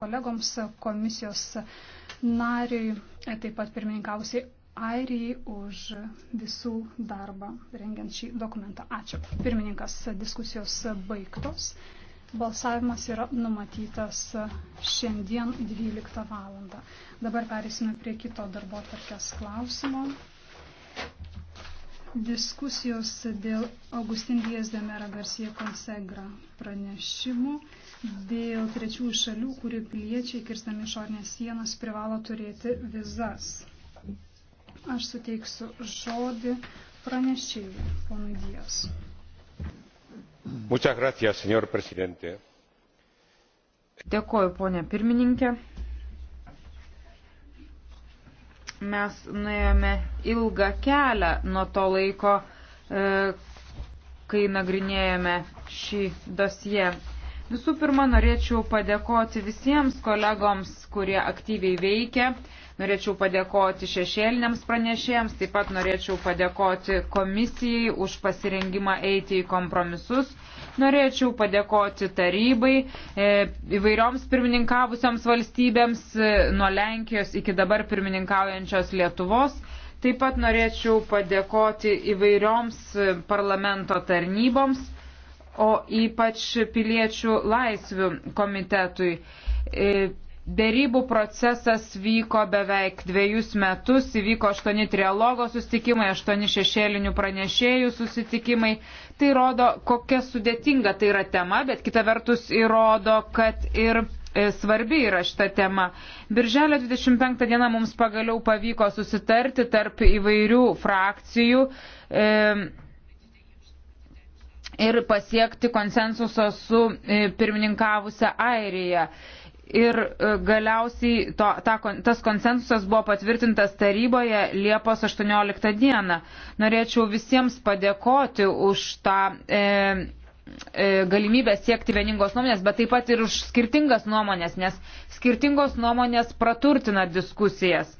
kolegoms komisijos nariui, e, taip pat pirmininkavusiai Airijai už visų darbą rengiant šį dokumentą. Ačiū. Pirmininkas diskusijos baigtos. Balsavimas yra numatytas šiandien 12 val. Dabar perėsime prie kito darbo tarkės klausimo. Diskusijos dėl Augustin Diezdemera Garcia Consegra pranešimų dėl trečiųjų šalių, kurių piliečiai kirstami išornės sienas privalo turėti vizas. Aš suteiksiu žodį pranešėjui, ponui Dijas. Muchas gracias, señor presidente. Dėkoju, ponė pirmininkė. Mes nuėjome ilgą kelią nuo to laiko, e, kai nagrinėjome šį dosiją. Visų pirma, norėčiau padėkoti visiems kolegoms, kurie aktyviai veikia. Norėčiau padėkoti šešėliniams pranešėjams, taip pat norėčiau padėkoti komisijai už pasirengimą eiti į kompromisus. Norėčiau padėkoti tarybai, e, įvairioms pirmininkavusioms valstybėms, e, nuo Lenkijos iki dabar pirmininkaujančios Lietuvos. Taip pat norėčiau padėkoti įvairioms e, parlamento tarnyboms o ypač piliečių laisvių komitetui. E, Dėrybų procesas vyko beveik dviejus metus, įvyko aštuoni trialogo susitikimai, aštuoni šešėlinių pranešėjų susitikimai. Tai rodo, kokia sudėtinga tai yra tema, bet kita vertus įrodo, kad ir e, svarbi yra šita tema. Birželio 25 dieną mums pagaliau pavyko susitarti tarp įvairių frakcijų. E, ir pasiekti konsensuso su e, pirmininkavusią Airiją. Ir e, galiausiai to, ta, tas konsensusas buvo patvirtintas taryboje Liepos 18 dieną. Norėčiau visiems padėkoti už tą e, e, galimybę siekti vieningos nuomonės, bet taip pat ir už skirtingas nuomonės, nes skirtingos nuomonės praturtina diskusijas.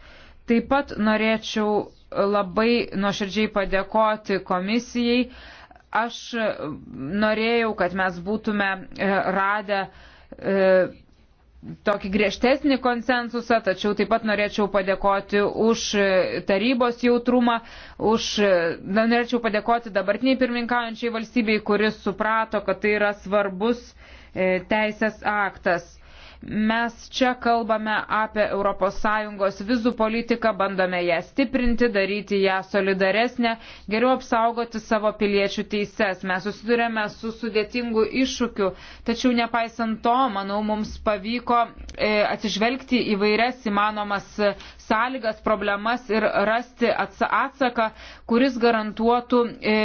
Taip pat norėčiau labai nuoširdžiai padėkoti komisijai. E, Aš e, norėjau, kad mes būtume e, radę e, tokį griežtesnį konsensusą, tačiau taip pat norėčiau padėkoti už tarybos jautrumą, už, norėčiau padėkoti dabartiniai pirmininkaujančiai valstybei, kuris suprato, kad tai yra svarbus teisės aktas. Mes čia kalbame apie ES vizų politiką, bandome ją stiprinti, daryti ją solidaresnę, geriau apsaugoti savo piliečių teises. Mes susidurėme su sudėtingu iššūkiu, tačiau nepaisant to, manau, mums pavyko e, atsižvelgti į vairias įmanomas sąlygas, problemas ir rasti atsaką, kuris garantuotų e,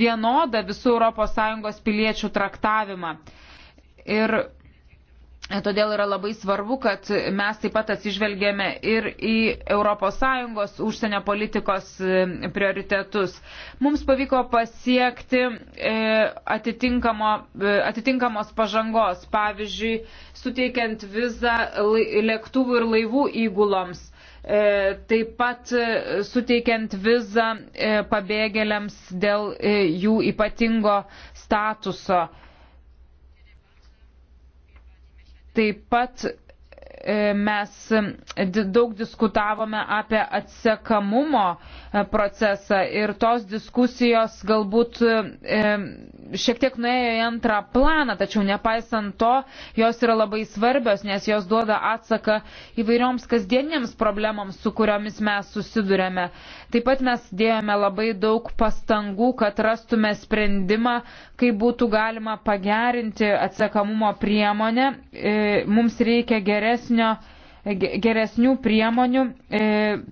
vienodą visų ES piliečių traktavimą. Ir Todėl yra labai svarbu, kad mes taip pat atsižvelgėme ir į ES užsienio politikos e, prioritetus. Mums pavyko pasiekti e, atitinkamo, e, atitinkamos pažangos, pavyzdžiui, suteikiant vizą lėktuvų ir laivų įguloms, taip pat suteikiant vizą pabėgėliams dėl jų ypatingo statuso Taip pat e, mes e, daug diskutavome apie atsekamumo e, procesą ir tos diskusijos galbūt šiek tiek nuėjo į antrą planą, tačiau nepaisant to, jos yra labai svarbios, nes jos duoda atsaką įvairioms kasdienėms problemams, su kuriomis mes susidurėme. Taip pat mes dėjome labai daug pastangų, kad rastume sprendimą, kaip būtų galima pagerinti atsakamumo priemonę. E, mums reikia geresnio geresnių priemonių, e,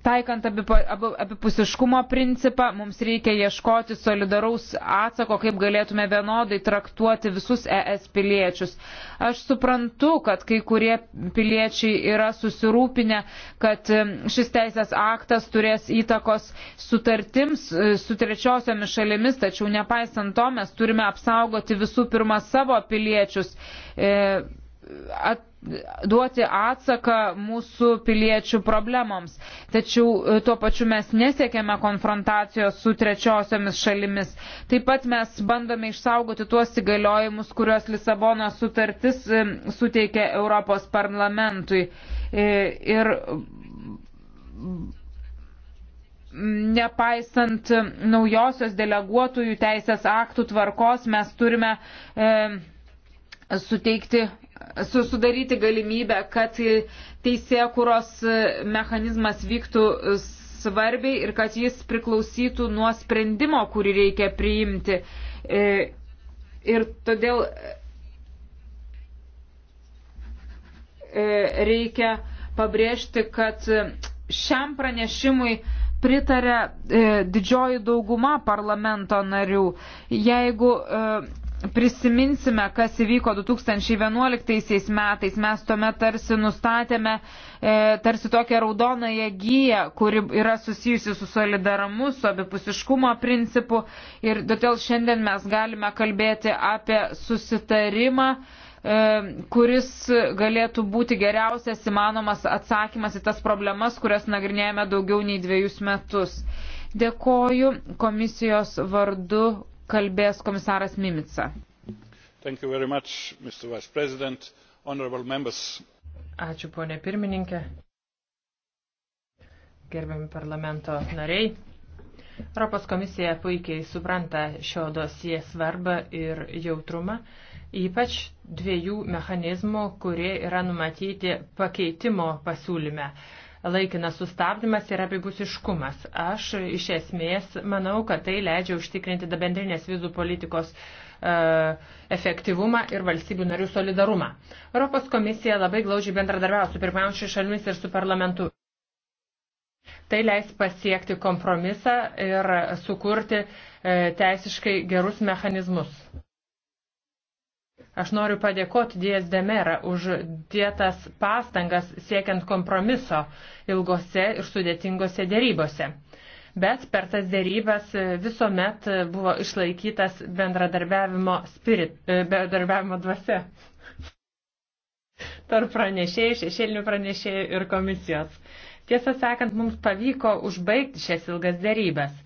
taikant abipusiškumo principą, mums reikia ieškoti solidaraus atsako, kaip galėtume vienodai traktuoti visus ES piliečius. Aš suprantu, kad kai kurie piliečiai yra susirūpinę, kad e, šis teisės aktas turės įtakos sutartims e, su trečiosiomis šalimis, tačiau nepaisant to mes turime apsaugoti visų pirma savo piliečius. At duoti atsaką mūsų piliečių problemoms. Tačiau e, tuo pačiu mes nesiekėme konfrontacijos su trečiosiomis šalimis. Taip pat mes bandome išsaugoti tuos įgaliojimus, kuriuos Lisabono sutartis e, suteikė Europos parlamentui. E, ir nepaisant naujosios deleguotųjų teisės aktų tvarkos, mes turime e, suteikti susudaryti galimybę, kad teisėje kuros mechanizmas vyktų svarbiai ir kad jis priklausytų nuo sprendimo, kurį reikia priimti. E, ir todėl e, reikia pabrėžti, kad šiam pranešimui pritarė e, didžioji dauguma parlamento narių. Jeigu prisiminsime, kas įvyko 2011 metais, mes tuomet tarsi nustatėme e, tarsi tokią raudonąją giją, kuri yra susijusi su solidarumu, su abipusiškumo principu ir todėl šiandien mes galime kalbėti apie susitarimą e, kuris galėtų būti geriausias įmanomas atsakymas į tas problemas, kurias nagrinėjame daugiau nei dviejus metus. Dėkoju komisijos vardu kalbės komisaras Mimica. Much, Ačiū, ponė pirmininkė. Gerbiami parlamento nariai. Europos komisija puikiai supranta šio dosie svarbą ir jautrumą, ypač dviejų mechanizmų, kurie yra numatyti pakeitimo pasiūlyme laikinas sustabdymas ir abipusiškumas. Aš iš esmės manau, kad tai leidžia užtikrinti bendrinės vizų politikos e, efektyvumą ir valstybių narių solidarumą. Europos komisija labai glaudžiai bendradarbiavo su pirmiausiai šalimis ir su parlamentu. Tai leis pasiekti kompromisą ir sukurti e, teisiškai gerus mechanizmus. Aš noriu padėkoti Dijas Demera už dėtas pastangas siekiant kompromiso ilgose ir sudėtingose dėrybose. Bet per tas dėrybas e, visuomet e, buvo išlaikytas bendradarbiavimo, spirit, e, bendradarbiavimo dvasia tarp pranešėjų, šešėlinių pranešėjų ir komisijos. Tiesą sakant, mums pavyko užbaigti šias ilgas dėrybas.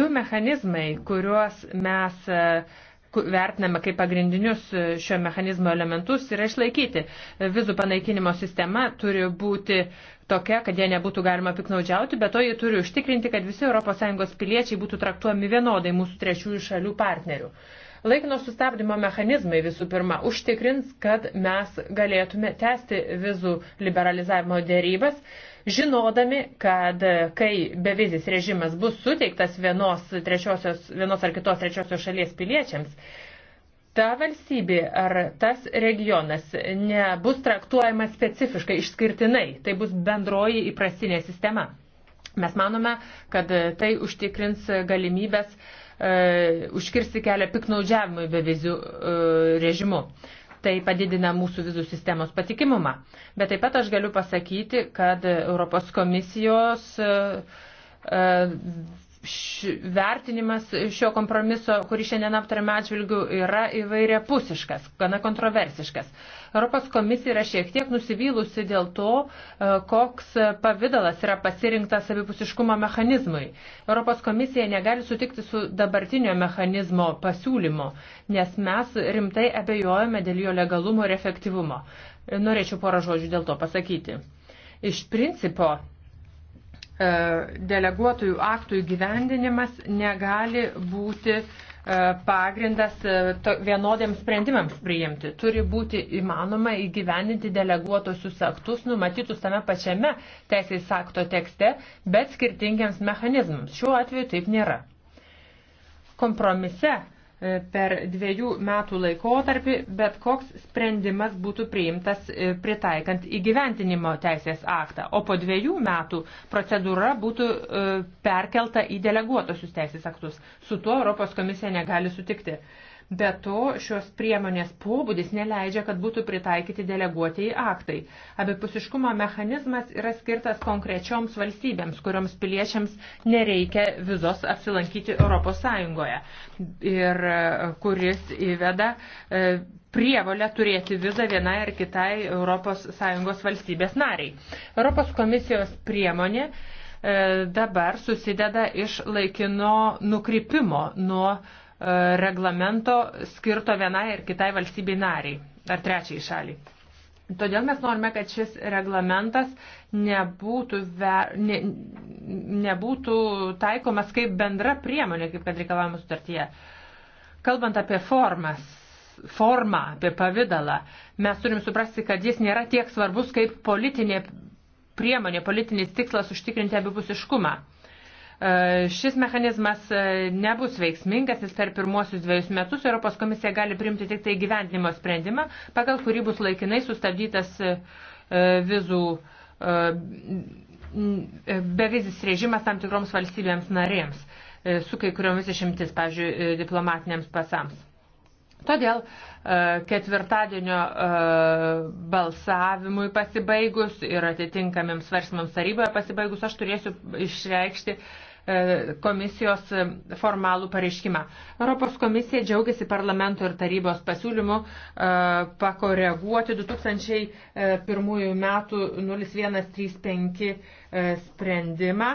Du mechanizmai, kuriuos mes vertiname kaip pagrindinius e, šio mechanizmo elementus, yra išlaikyti. Vizų panaikinimo sistema turi būti tokia, kad jie nebūtų galima piknaudžiauti, bet to jie turi užtikrinti, kad visi ES piliečiai būtų traktuojami vienodai mūsų trečiųjų šalių partnerių. Laikino sustabdymo mechanizmai visų pirma užtikrins, kad mes galėtume tęsti vizų liberalizavimo dėrybas žinodami, kad kai bevizis režimas bus suteiktas vienos, trečiosios, vienos ar kitos trečiosios šalies piliečiams, ta valstybė ar tas regionas nebus traktuojama specifiškai, išskirtinai, tai bus bendroji įprastinė sistema. Mes manome, kad tai užtikrins galimybės e, užkirsti kelią piknaudžiavimui bevizių e, režimu. E, Tai padidina mūsų vizų sistemos patikimumą. Bet taip pat aš galiu pasakyti, kad Europos komisijos e, š, vertinimas šio kompromiso, kurį šiandien aptarėme atžvilgių, yra įvairia pusiškas, gana kontroversiškas. Europos komisija yra šiek tiek nusivylusi dėl to, e, koks pavydalas yra pasirinktas abipusiškumo mechanizmui. Europos komisija negali sutikti su dabartinio mechanizmo pasiūlymu, nes mes rimtai abejojame dėl jo legalumo ir efektyvumo. Norėčiau porą žodžių dėl to pasakyti. Iš principo, E, deleguotojų aktų įgyvendinimas negali būti e, pagrindas e, vienodiems sprendimams priimti. Turi būti įmanoma įgyveninti deleguotosius aktus numatytus tame pačiame teisės akto tekste, bet skirtingiams mechanizmams. Šiuo atveju taip nėra. Kompromise per dviejų metų laikotarpį bet koks sprendimas būtų priimtas e, pritaikant įgyventinimo teisės aktą, o po dviejų metų procedūra būtų e, perkelta į deleguotosius teisės aktus. Su tuo Europos komisija negali sutikti. Be to, šios priemonės pobūdis neleidžia, kad būtų pritaikyti deleguotieji aktai. Abipusiškumo mechanizmas yra skirtas konkrečioms valstybėms, kurioms piliečiams nereikia vizos apsilankyti ES ir e, kuris įveda e, prievolę turėti vizą vienai ar kitai ES valstybės nariai. Europos komisijos priemonė e, dabar susideda iš laikino nukrypimo nuo reglamento skirto vienai ir kitai valstybei nariai ar trečiai šaliai. Todėl mes norime, kad šis reglamentas nebūtų, ver, ne, nebūtų taikomas kaip bendra priemonė, kaip kad reikalavimo sutartyje. Kalbant apie formas, formą, apie pavydalą, mes turim suprasti, kad jis nėra tiek svarbus kaip politinė priemonė, politinis tikslas užtikrinti abipusiškumą. Šis mechanizmas e, nebus veiksmingas, jis per pirmuosius dviejus metus Europos komisija gali priimti tik tai gyventinimo sprendimą, pagal kurį bus laikinai sustabdytas e, e, vizų bevizis režimas tam tikroms valstybėms narėms su kai kuriomis išimtis, pavyzdžiui, diplomatiniams pasams. Todėl ketvirtadienio balsavimui pasibaigus ir atitinkamiems svarstymams taryboje pasibaigus aš turėsiu išreikšti E, komisijos formalų pareiškimą. Europos komisija džiaugiasi parlamento ir tarybos pasiūlymu e, pakoreguoti 2001 m. 0135 E, sprendimą,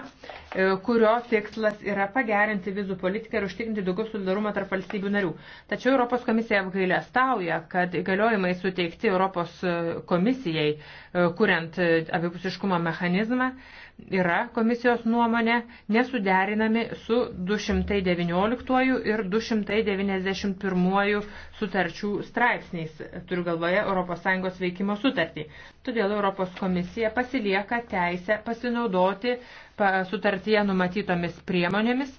e, kurio tikslas yra pagerinti vizų politiką ir užtikrinti daugiau solidarumo tarp valstybių narių. Tačiau Europos komisija apgailę stauja, kad įgaliojimai suteikti Europos komisijai, e, kuriant abipusiškumo mechanizmą, yra komisijos nuomonė nesuderinami su 219 ir 291 sutarčių straipsniais, turiu galvoje ES veikimo sutartį. Todėl Europos komisija pasilieka teisę pasirinkti pasinaudoti sutartyje numatytomis priemonėmis,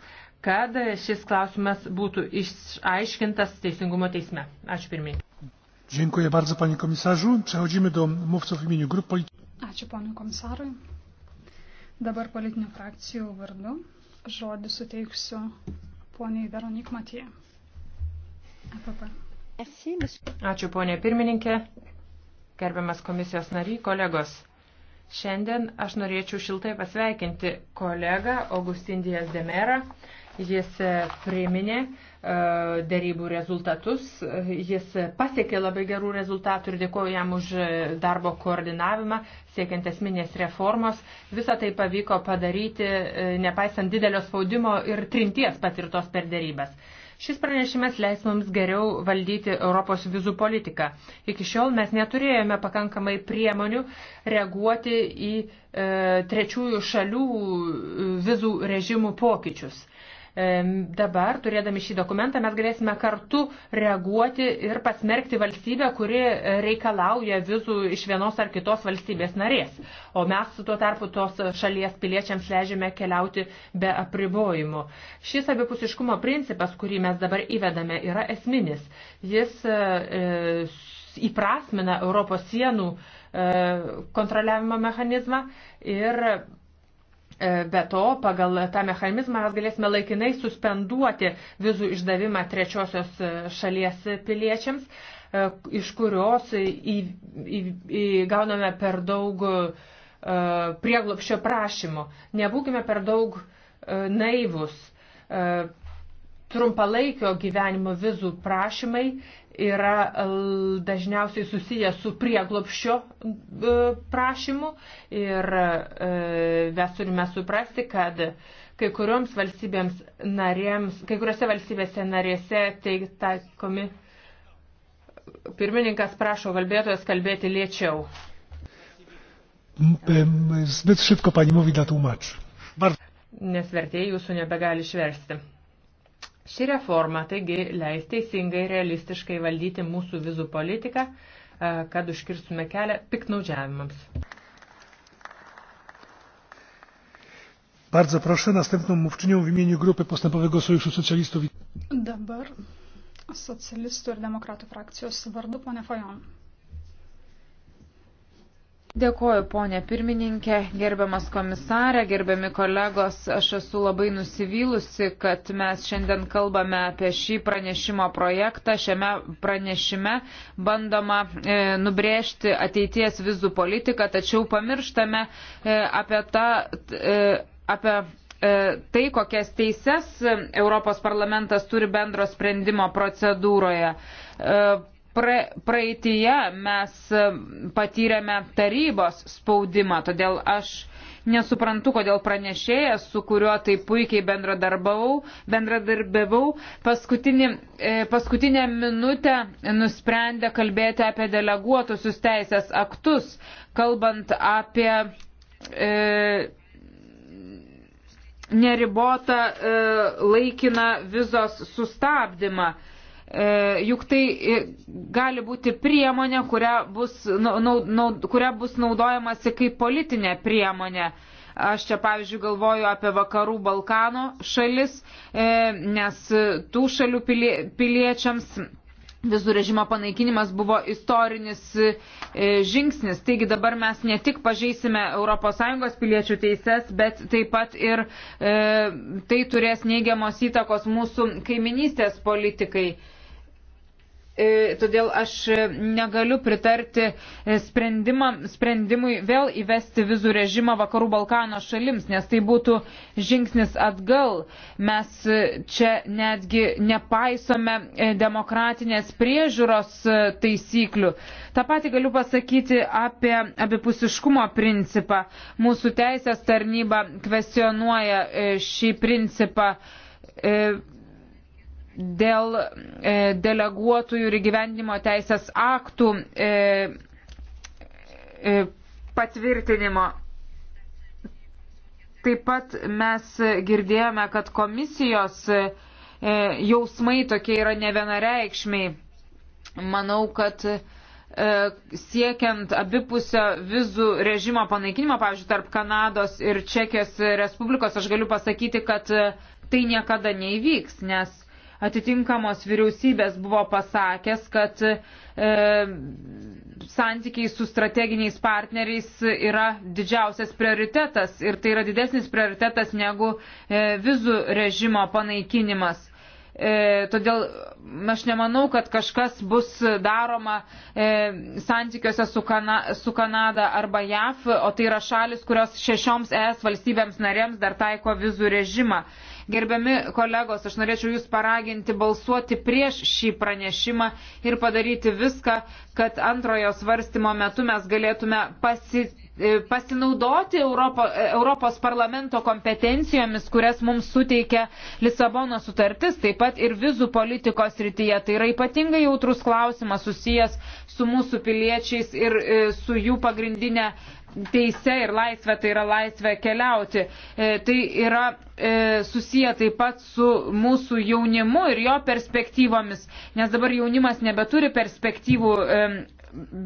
kad šis klausimas būtų išaiškintas Teisingumo teisme. Ačiū pirmiai. Dziękuję bardzo, panie komisarzu. Przechodzimy do mówców w imieniu grup politycznych. Ačiū, panu komisarui. Dabar politinių frakcijų vardu žodį suteiksiu poniai Veronik Matija. EPP. Ačiū, ponė pirmininkė, gerbiamas komisijos nary, kolegos. Šiandien aš norėčiau šiltai pasveikinti kolegą Augustin Dijas Demerą. Jis e, priminė e, dėrybų rezultatus, jis pasiekė labai gerų rezultatų ir dėkoju jam už e, darbo koordinavimą, siekiant esminės reformos. Visą tai pavyko padaryti, nepaisant didelio spaudimo ir trinties patirtos per dėrybas. Šis pranešimas leis mums geriau valdyti Europos vizų politiką. Iki šiol mes neturėjome pakankamai priemonių reaguoti į e, trečiųjų šalių e, vizų režimų pokyčius. Dabar, turėdami šį dokumentą, mes galėsime kartu reaguoti ir pasmerkti valstybę, kuri e, reikalauja vizų iš vienos ar kitos valstybės narės. O mes tuo tarpu tos šalies piliečiams leidžiame keliauti be apribojimų. Šis abipusiškumo principas, kurį mes dabar įvedame, yra esminis. Jis e, e įprasmina Europos sienų e, kontroliavimo mechanizmą ir E, be to, pagal tą mechanizmą mes galėsime laikinai suspenduoti vizų išdavimą trečiosios e, šalies piliečiams, e, iš kurios įgauname per daug prieglopščio prašymų. Nebūkime per daug naivus trumpalaikio gyvenimo vizų prašymai yra e, dažniausiai susiję su prieglopščio e, prašymu ir e, mes turime suprasti, kad kai kurioms valstybėms narėms, kai kuriuose valstybėse narėse taikomi pirmininkas prašo kalbėtojas kalbėti lėčiau. Zbyt szybko pani mówi dla tłumaczy. Bardzo... Nes vertėjai jūsų nebegali išversti. Ši reforma taigi leis teisingai realistiškai valdyti mūsų vizų politiką, e, kad užkirstume kelią piknaudžiavimams. Bardzo proszę następną mówczynią w imieniu Grupy Postępowego Sojuszu Socjalistów. Dabar socjalistų ir demokratų frakcijos vardu, ponė Fajon. Dėkuoju, ponė pirmininkė, gerbiamas komisarė, gerbiami kolegos, aš esu labai nusivylusi, kad mes šiandien kalbame apie šį pranešimo projektą. Šiame pranešime bandoma e, nubrėžti ateities vizų politiką, tačiau pamirštame e, apie tą. E, apie e, tai, kokias teises Europos parlamentas turi bendro sprendimo procedūroje. E, pra, praeitie mes e, patyrėme tarybos spaudimą, todėl aš nesuprantu, kodėl pranešėjas, su kuriuo taip puikiai bendradarbiavau, bendradarbiavau paskutinį, e, paskutinę minutę nusprendė kalbėti apie deleguotusius teisės aktus, kalbant apie e, neribotą e, laikiną vizos sustabdymą. E, E, juk tai gali būti priemonė, kuria bus, naud, naud, kuria bus naudojamasi kaip politinė priemonė. Aš čia, pavyzdžiui, galvoju apie vakarų Balkano šalis, e, nes tų šalių pilie, piliečiams vizų režimo panaikinimas buvo istorinis e, žingsnis. Taigi dabar mes ne tik pažeisime ES piliečių teises, bet taip pat ir e, tai turės neigiamos įtakos mūsų kaiminystės politikai. E, E, todėl aš negaliu pritarti e, sprendimui vėl įvesti vizų režimą Vakarų Balkano šalims, nes tai būtų žingsnis atgal. Mes e, čia netgi nepaisome demokratinės priežiūros taisyklių. Ta pati galiu pasakyti apie abipusiškumo principą. Mūsų teisės tarnyba kvestionuoja šį principą dėl e, deleguotojų ir gyvendimo teisės aktų e, e, patvirtinimo. Taip pat mes girdėjome, kad komisijos e, jausmai tokie yra nevienareikšmiai. Manau, kad e, siekiant abipusio vizų režimo panaikinimo, pavyzdžiui, tarp Kanados ir Čekijos Respublikos, aš galiu pasakyti, kad e, tai niekada neįvyks, nes atitinkamos vyriausybės buvo pasakęs, kad e, santykiai su strateginiais partneriais yra didžiausias prioritetas ir tai yra didesnis prioritetas negu e, vizų režimo panaikinimas. E, todėl aš nemanau, kad kažkas bus daroma e, santykiuose su, kana, su Kanada arba JAF, o tai yra šalis, kurios šešioms ES valstybėms narėms dar taiko vizų režimą. E, Gerbiami kolegos, aš norėčiau Jūs paraginti balsuoti prieš šį pranešimą ir padaryti viską, kad antrojo svarstymo metu mes galėtume pasi, e, pasinaudoti Europo, e, Europos parlamento kompetencijomis, kurias mums suteikia Lisabono sutartis, taip pat ir vizų politikos rytyje. Tai yra ypatingai jautrus klausimas susijęs su mūsų piliečiais ir e, su jų pagrindinė teise ir laisvė, tai yra laisvė keliauti. E, tai yra e, susiję taip pat su mūsų jaunimu ir jo perspektyvomis, nes dabar jaunimas nebeturi perspektyvų e,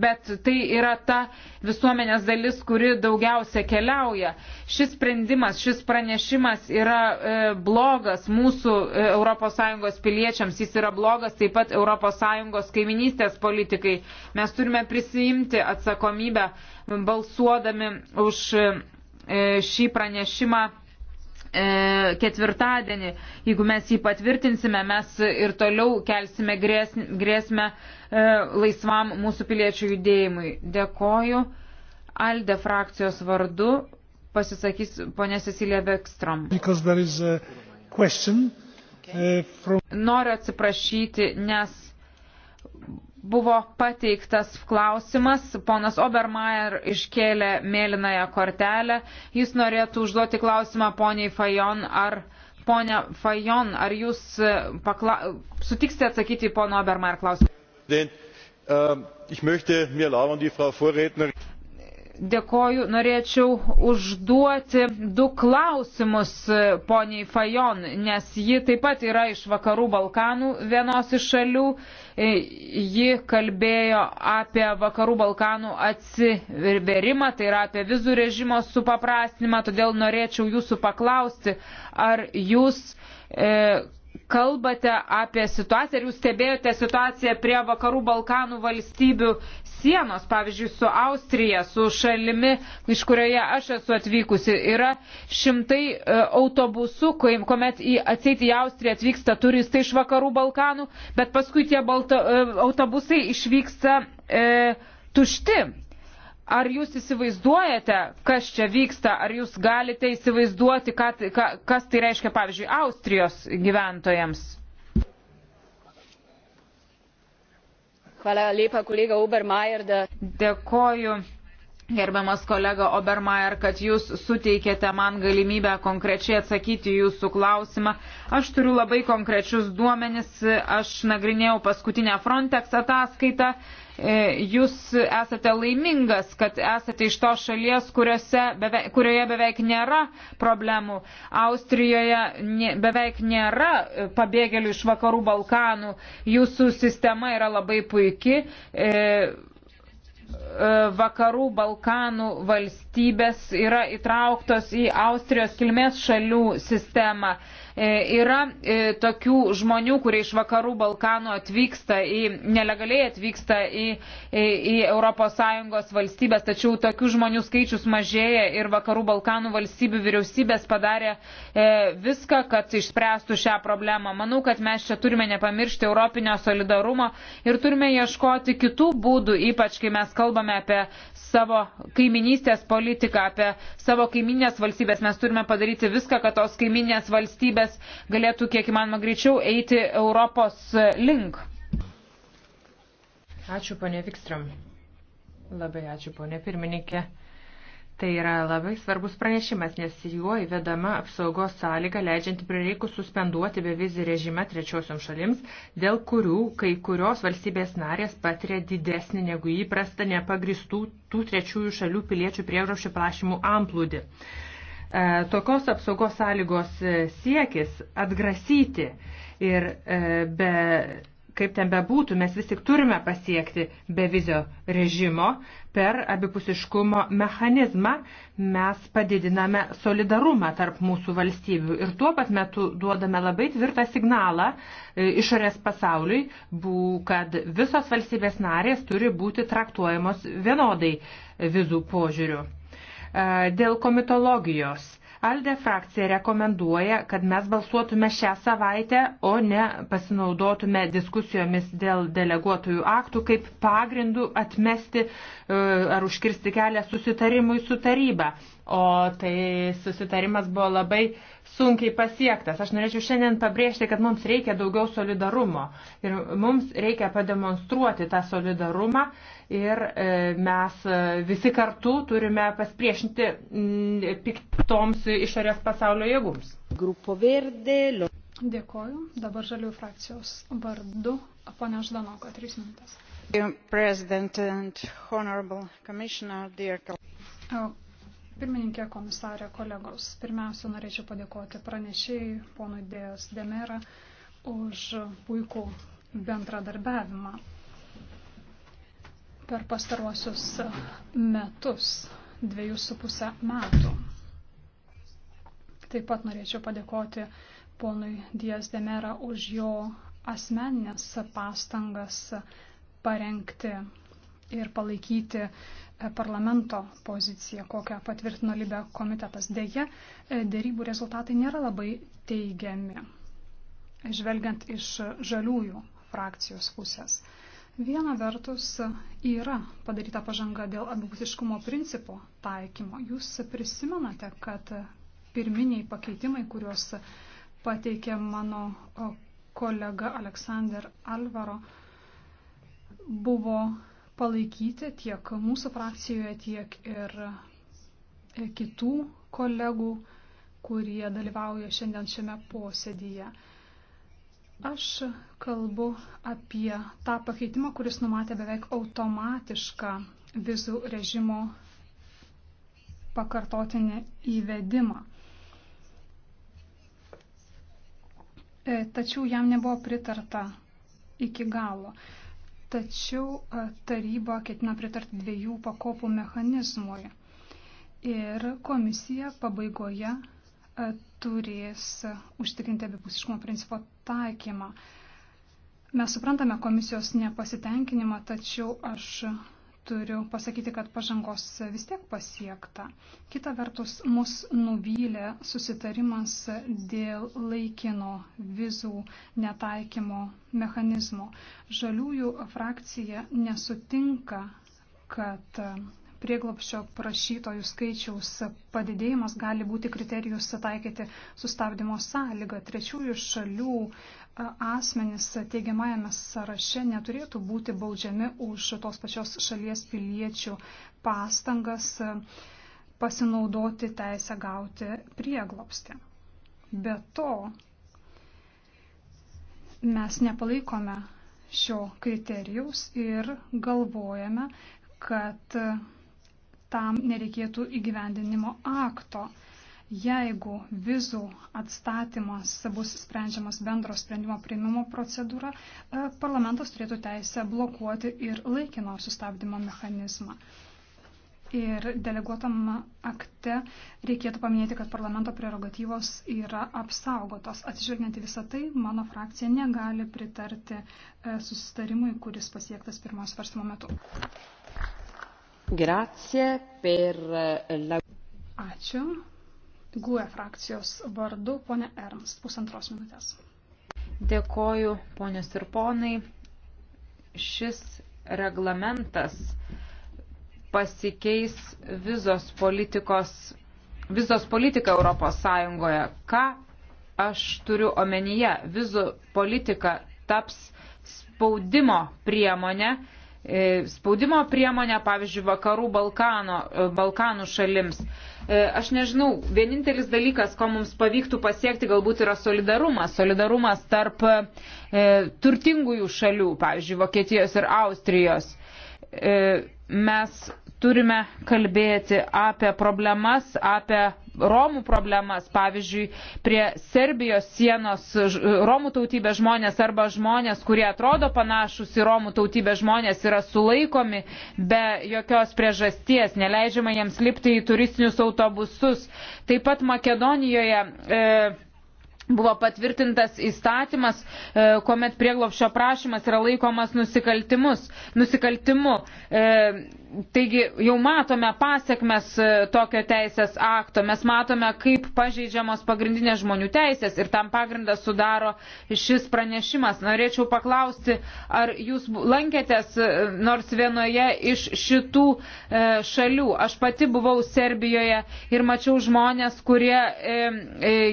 bet tai yra ta visuomenės dalis, kuri daugiausia keliauja. Šis sprendimas, šis pranešimas yra e, blogas mūsų e, ES piliečiams, jis yra blogas taip pat ES kaiminystės politikai. Mes turime prisijimti atsakomybę balsuodami už e, šį pranešimą e, ketvirtadienį. Jeigu mes jį patvirtinsime, mes ir toliau kelsime grėsmę e, laisvam mūsų piliečių judėjimui. Dėkoju. Alde frakcijos vardu pasisakys ponė Cecilija Vekstrom. Uh, from... Noriu atsiprašyti, nes buvo pateiktas klausimas. Ponas Obermeier iškėlė mėlynąją kortelę. Jis norėtų užduoti klausimą poniai Fajon ar. Pone Fajon, ar jūs e, pakla... sutiksite atsakyti į pono Obermeier klausimą? Den, um, ähm, ich möchte mir erlauben, die Frau Vorrednerin. Dėkoju, norėčiau užduoti du klausimus e, poniai Fajon, nes ji taip pat yra iš vakarų Balkanų vienos iš šalių. E, ji kalbėjo apie vakarų Balkanų atsiverimą, tai yra apie vizų režimo supaprastinimą, todėl norėčiau jūsų paklausti, ar jūs. E, kalbate apie situaciją, ar jūs stebėjote situaciją prie vakarų Balkanų valstybių sienos, pavyzdžiui, su Austrija, su šalimi, iš kurioje aš esu atvykusi, yra šimtai e, autobusų, kuomet į, atseit į Austriją atvyksta turistai iš vakarų Balkanų, bet paskui tie balto, e, autobusai išvyksta e, tušti. Ar jūs įsivaizduojate, kas čia vyksta, ar jūs galite įsivaizduoti, ką, ką, kas tai reiškia, pavyzdžiui, Austrijos gyventojams? Dėkoju, gerbiamas kolega Obermeier, kad jūs suteikėte man galimybę konkrečiai atsakyti jūsų klausimą. Aš turiu labai konkrečius duomenis, aš nagrinėjau paskutinę Frontex ataskaitą E, jūs esate laimingas, kad esate iš to šalies, beveik, kurioje beveik nėra problemų. Austrijoje beveik nėra e, pabėgėlių iš vakarų Balkanų. Jūsų sistema yra labai puiki. E, vakarų Balkanų valstybės yra įtrauktos į Austrijos kilmės šalių sistemą. E, yra e, tokių žmonių, kurie iš vakarų Balkanų atvyksta į, nelegaliai atvyksta į, į, į ES valstybės, tačiau tokių žmonių skaičius mažėja ir vakarų Balkanų valstybių vyriausybės padarė e, viską, kad išspręstų šią problemą. Manau, kad mes čia turime nepamiršti europinio solidarumo ir turime ieškoti kitų būdų, ypač kai mes kalbame apie savo kaiminystės politiką, apie savo kaiminės valstybės. Mes turime padaryti viską, kad tos kaiminės valstybės valstybės galėtų kiek įmanoma greičiau eiti Europos link. Ačiū, ponė Vikstrom. Labai ačiū, ponė pirmininkė. Tai yra labai svarbus pranešimas, nes juo įvedama apsaugos sąlyga leidžianti prireikus suspenduoti bevizį režimą trečiosiom šalims, dėl kurių kai kurios valstybės narės patiria didesnį negu įprasta nepagristų tų trečiųjų šalių piliečių prievraušių prašymų amplūdį. E, tokios apsaugos sąlygos e, siekis atgrasyti ir e, be, kaip ten bebūtų, mes vis tik turime pasiekti bevizio režimo per abipusiškumo mechanizmą. Mes padidiname solidarumą tarp mūsų valstybių ir tuo pat metu duodame labai tvirtą signalą išorės pasauliui, kad visos valstybės narės turi būti traktuojamos vienodai vizų požiūriu. E, dėl komitologijos. Alde frakcija rekomenduoja, kad mes balsuotume šią savaitę, o ne pasinaudotume diskusijomis dėl deleguotojų aktų kaip pagrindų atmesti e, ar užkirsti kelią susitarimui su taryba. O tai susitarimas buvo labai sunkiai pasiektas. Aš norėčiau šiandien pabrėžti, kad mums reikia daugiau solidarumo ir mums reikia pademonstruoti tą solidarumą ir e, mes e, visi kartu turime paspriešinti piktoms išorės pasaulio jėgums. Grupo Verde. Dėkoju. Dabar žalių frakcijos vardu. Pone Ždanoka, trys minutės. Pirmininkė komisarė kolegos, pirmiausia, norėčiau padėkoti pranešėjai, ponui Dėjas Demera, už puikų bendradarbiavimą per pastaruosius metus, dviejus su pusę metų. Taip pat norėčiau padėkoti ponui Dijas Demera už jo asmeninės pastangas parengti ir palaikyti parlamento poziciją, kokią patvirtino Libė komitetas. Deja, dėrybų rezultatai nėra labai teigiami, žvelgiant iš žaliųjų frakcijos pusės. Viena vertus yra padaryta pažanga dėl abipusiškumo principo taikymo. Jūs prisimenate, kad pirminiai pakeitimai, kuriuos pateikė mano kolega Aleksander Alvaro, buvo palaikyti tiek mūsų frakcijoje, tiek ir kitų kolegų, kurie dalyvauja šiandien šiame posėdyje. Aš kalbu apie tą pakeitimą, kuris numatė beveik automatišką vizų režimo pakartotinį įvedimą. E, tačiau jam nebuvo pritarta iki galo. Tačiau e, taryba ketina pritarti dviejų pakopų mechanizmui. Ir komisija pabaigoje E, turės užtikrinti abipusiškumo principo taikymą. Mes suprantame komisijos nepasitenkinimą, tačiau aš turiu pasakyti, kad pažangos vis tiek pasiekta. Kita vertus, mus nuvylė susitarimas dėl laikino vizų netaikymo mechanizmo. Žaliųjų frakcija nesutinka, kad prieglopščio prašytojų skaičiaus padidėjimas gali būti kriterijus taikyti sustabdymo sąlygą. Trečiųjų šalių asmenys teigiamajame sąraše neturėtų būti baudžiami už tos pačios šalies piliečių pastangas pasinaudoti teisę gauti prieglopstį. Be to, mes nepalaikome šio kriterijaus ir galvojame, kad tam nereikėtų įgyvendinimo akto. Jeigu vizų atstatymas bus sprendžiamas bendro sprendimo priimimo procedūra, e, parlamentas turėtų teisę blokuoti ir laikino sustabdymo mechanizmą. Ir deleguotam akte reikėtų paminėti, kad parlamento prerogatyvos yra apsaugotos. Atsižvelgiant į visą tai, mano frakcija negali pritarti e, susitarimui, kuris pasiektas pirmojo svarstymo metu. Eh, la... Ačiū. GUE frakcijos vardu, ponė Erms, pusantros minutės. Dėkoju, ponės ir ponai. Šis reglamentas pasikeis vizos politikos, vizos politika Europos Sąjungoje. Ką aš turiu omenyje? Vizų politika taps spaudimo priemonė E, spaudimo priemonę, pavyzdžiui, vakarų Balkano, e, Balkanų šalims. E, aš nežinau, vienintelis dalykas, ko mums pavyktų pasiekti, galbūt yra solidarumas. Solidarumas tarp e, turtingųjų šalių, pavyzdžiui, Vokietijos ir Austrijos. E, mes turime kalbėti apie problemas, apie Romų problemas, pavyzdžiui, prie Serbijos sienos Romų tautybės žmonės arba žmonės, kurie atrodo panašus į Romų tautybės žmonės, yra sulaikomi be jokios priežasties, neleidžiama jiems lipti į turistinius autobusus. Taip pat Makedonijoje. E, buvo patvirtintas įstatymas, e, kuomet prieglopšio prašymas yra laikomas nusikaltimu. E, Taigi jau matome pasiekmes e, tokio teisės akto, mes matome, kaip pažeidžiamos pagrindinės žmonių teisės ir tam pagrindą sudaro šis pranešimas. Norėčiau paklausti, ar jūs lankėtės e, nors vienoje iš šitų e, šalių. Aš pati buvau Serbijoje ir mačiau žmonės, kurie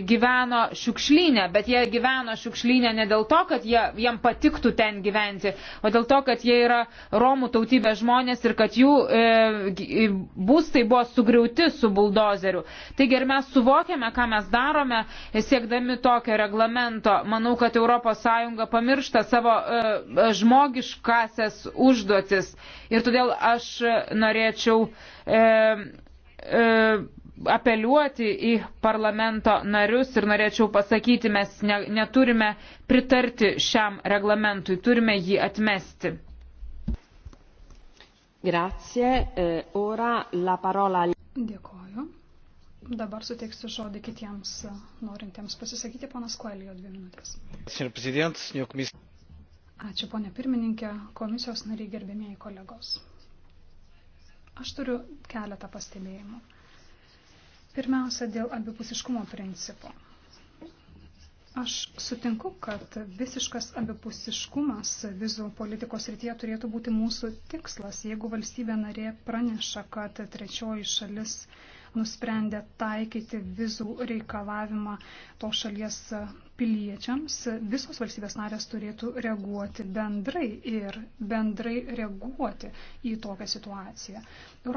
gyveno šiukšlynę, bet jie gyveno šiukšlynę ne dėl to, kad jie, jiem patiktų ten gyventi, o dėl to, kad jie yra Romų tautybės žmonės ir kad jų jų e, būstai buvo sugriauti su buldozeriu. Taigi ir mes suvokiame, ką mes darome, e, siekdami tokio reglamento. Manau, kad ES pamiršta savo e, žmogiškasias užduotis. Ir todėl aš norėčiau e, e, apeliuoti į parlamento narius ir norėčiau pasakyti, mes ne, neturime pritarti šiam reglamentui, turime jį atmesti. Grazie. E, ora la parola. Dėkoju. Dabar suteiksiu žodį kitiems norintiems pasisakyti, ponas Koelio, dvi minutės. Ačiū, ponė pirmininkė, komisijos nariai gerbėmėjai kolegos. Aš turiu keletą pastebėjimų. Pirmiausia, dėl abipusiškumo principo. Aš sutinku, kad visiškas abipusiškumas vizų politikos rytyje turėtų būti mūsų tikslas. Jeigu valstybė narė praneša, kad trečioji šalis nusprendė taikyti vizų reikalavimą to šalies piliečiams, visos valstybės narės turėtų reaguoti bendrai ir bendrai reaguoti į tokią situaciją.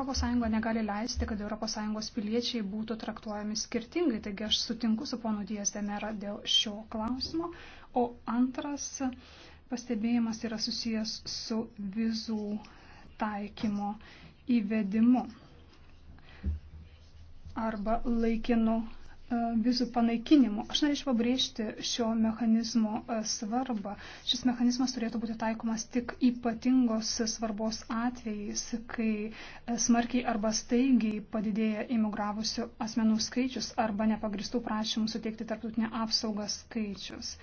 ES negali leisti, kad ES piliečiai būtų traktuojami skirtingai, taigi aš sutinku su ponu Dijas Demera dėl šio klausimo. O antras pastebėjimas yra susijęs su vizų taikymo įvedimu arba laikinų e, vizų panaikinimu. Aš norėčiau pabrėžti šio mechanizmo e, svarbą. Šis mechanizmas turėtų būti taikomas tik ypatingos svarbos atvejais, kai e, smarkiai arba staigiai padidėja imigravusių asmenų skaičius arba nepagristų prašymų suteikti tarptautinę apsaugą skaičius.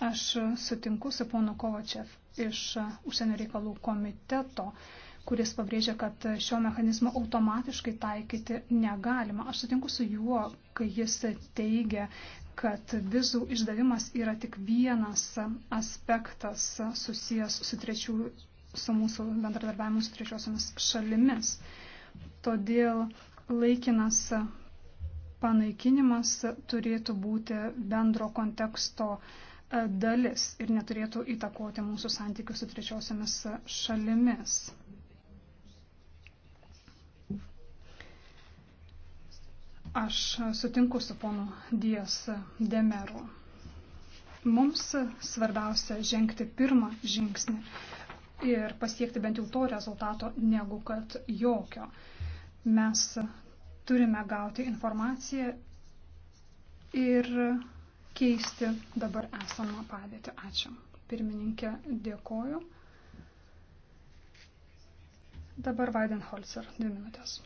Aš sutinku su ponu Kovačev iš užsienio reikalų komiteto. Uh, kuris pabrėžia, kad šio mechanizmo automatiškai taikyti negalima. Aš sutinku su juo, kai jis teigia, kad vizų išdavimas yra tik vienas aspektas susijęs su, trečių, su mūsų bendradarbiavimu su trečiosiomis šalimis. Todėl laikinas panaikinimas turėtų būti bendro konteksto e, dalis ir neturėtų įtakoti mūsų santykių su trečiosiomis šalimis. Aš sutinku su ponu Dijas Demeru. Mums svarbiausia žengti pirmą žingsnį ir pasiekti bent jau to rezultato, negu kad jokio. Mes turime gauti informaciją ir keisti dabar esamą padėtį. Ačiū. Pirmininkė, dėkoju. Dabar Vaidenholzer, dvi minutės.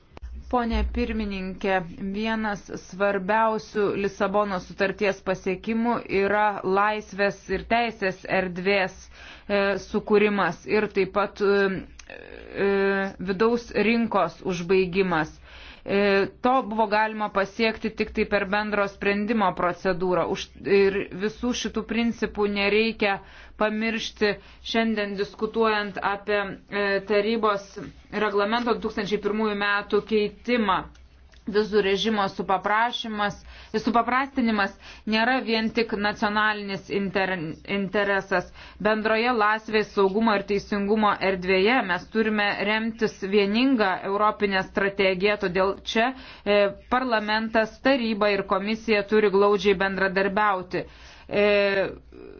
Pone pirmininkė, vienas svarbiausių Lisabono sutarties pasiekimų yra laisvės ir teisės erdvės e, sukūrimas ir taip pat e, e, vidaus rinkos užbaigimas. E, to buvo galima pasiekti tik tai per bendro sprendimo procedūrą. Už, ir visų šitų principų nereikia pamiršti šiandien diskutuojant apie e, tarybos reglamento 2001 metų keitimą vizų režimo supaprastinimas nėra vien tik nacionalinis inter, interesas. Bendroje Latvijos saugumo ir teisingumo erdvėje mes turime remtis vieningą europinę strategiją, todėl čia e, parlamentas, taryba ir komisija turi glaudžiai bendradarbiauti. E,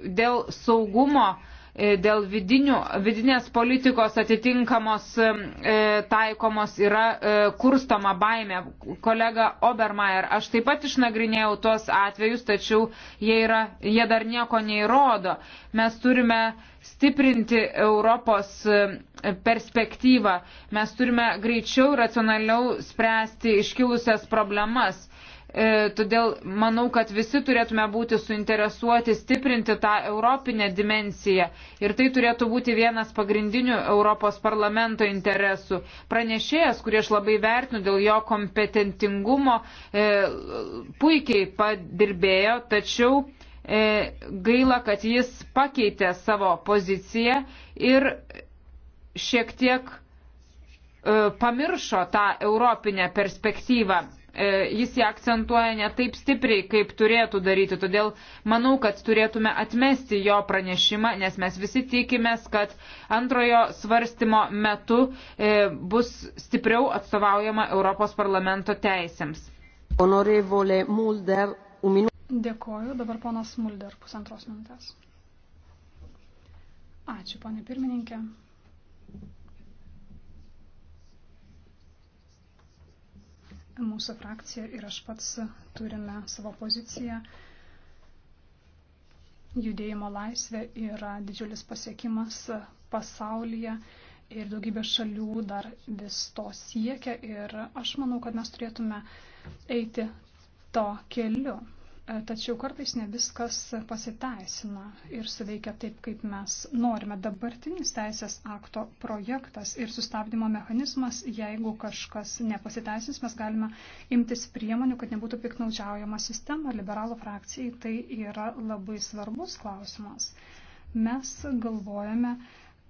dėl saugumo e, E, dėl vidinių, vidinės politikos atitinkamos e, taikomos yra e, kurstoma baime. Kolega Obermeier, aš taip pat išnagrinėjau tuos atvejus, tačiau jie, yra, jie dar nieko neįrodo. Mes turime stiprinti Europos perspektyvą, mes turime greičiau ir racionaliau spręsti iškilusias problemas. E, todėl manau, kad visi turėtume būti suinteresuoti stiprinti tą europinę dimenciją ir tai turėtų būti vienas pagrindinių Europos parlamento interesų. Pranešėjas, kurį aš labai vertinu dėl jo kompetentingumo, e, puikiai padirbėjo, tačiau e, gaila, kad jis pakeitė savo poziciją ir šiek tiek pamiršo tą europinę perspektyvą. E, jis ją akcentuoja ne taip stipriai, kaip turėtų daryti. Todėl manau, kad turėtume atmesti jo pranešimą, nes mes visi tikimės, kad antrojo svarstymo metu e, bus stipriau atstovaujama Europos parlamento teisėms. Honorevole Mulder, un minutė. Dėkoju. Dabar ponas Mulder, pusantros minutės. Ačiū, ponė pirmininkė. mūsų frakcija ir aš pats turime savo poziciją. Judėjimo laisvė yra didžiulis pasiekimas pasaulyje ir daugybė šalių dar vis to siekia ir aš manau, kad mes turėtume eiti to keliu. E, tačiau kartais ne viskas pasiteisina ir suveikia taip, kaip mes norime. Dabartinis teisės akto projektas ir sustabdymo mechanizmas, jeigu kažkas nepasiteisins, mes galime imtis priemonių, kad nebūtų piknaudžiaujama sistema. Liberalų frakcijai tai yra labai svarbus klausimas. Mes galvojame,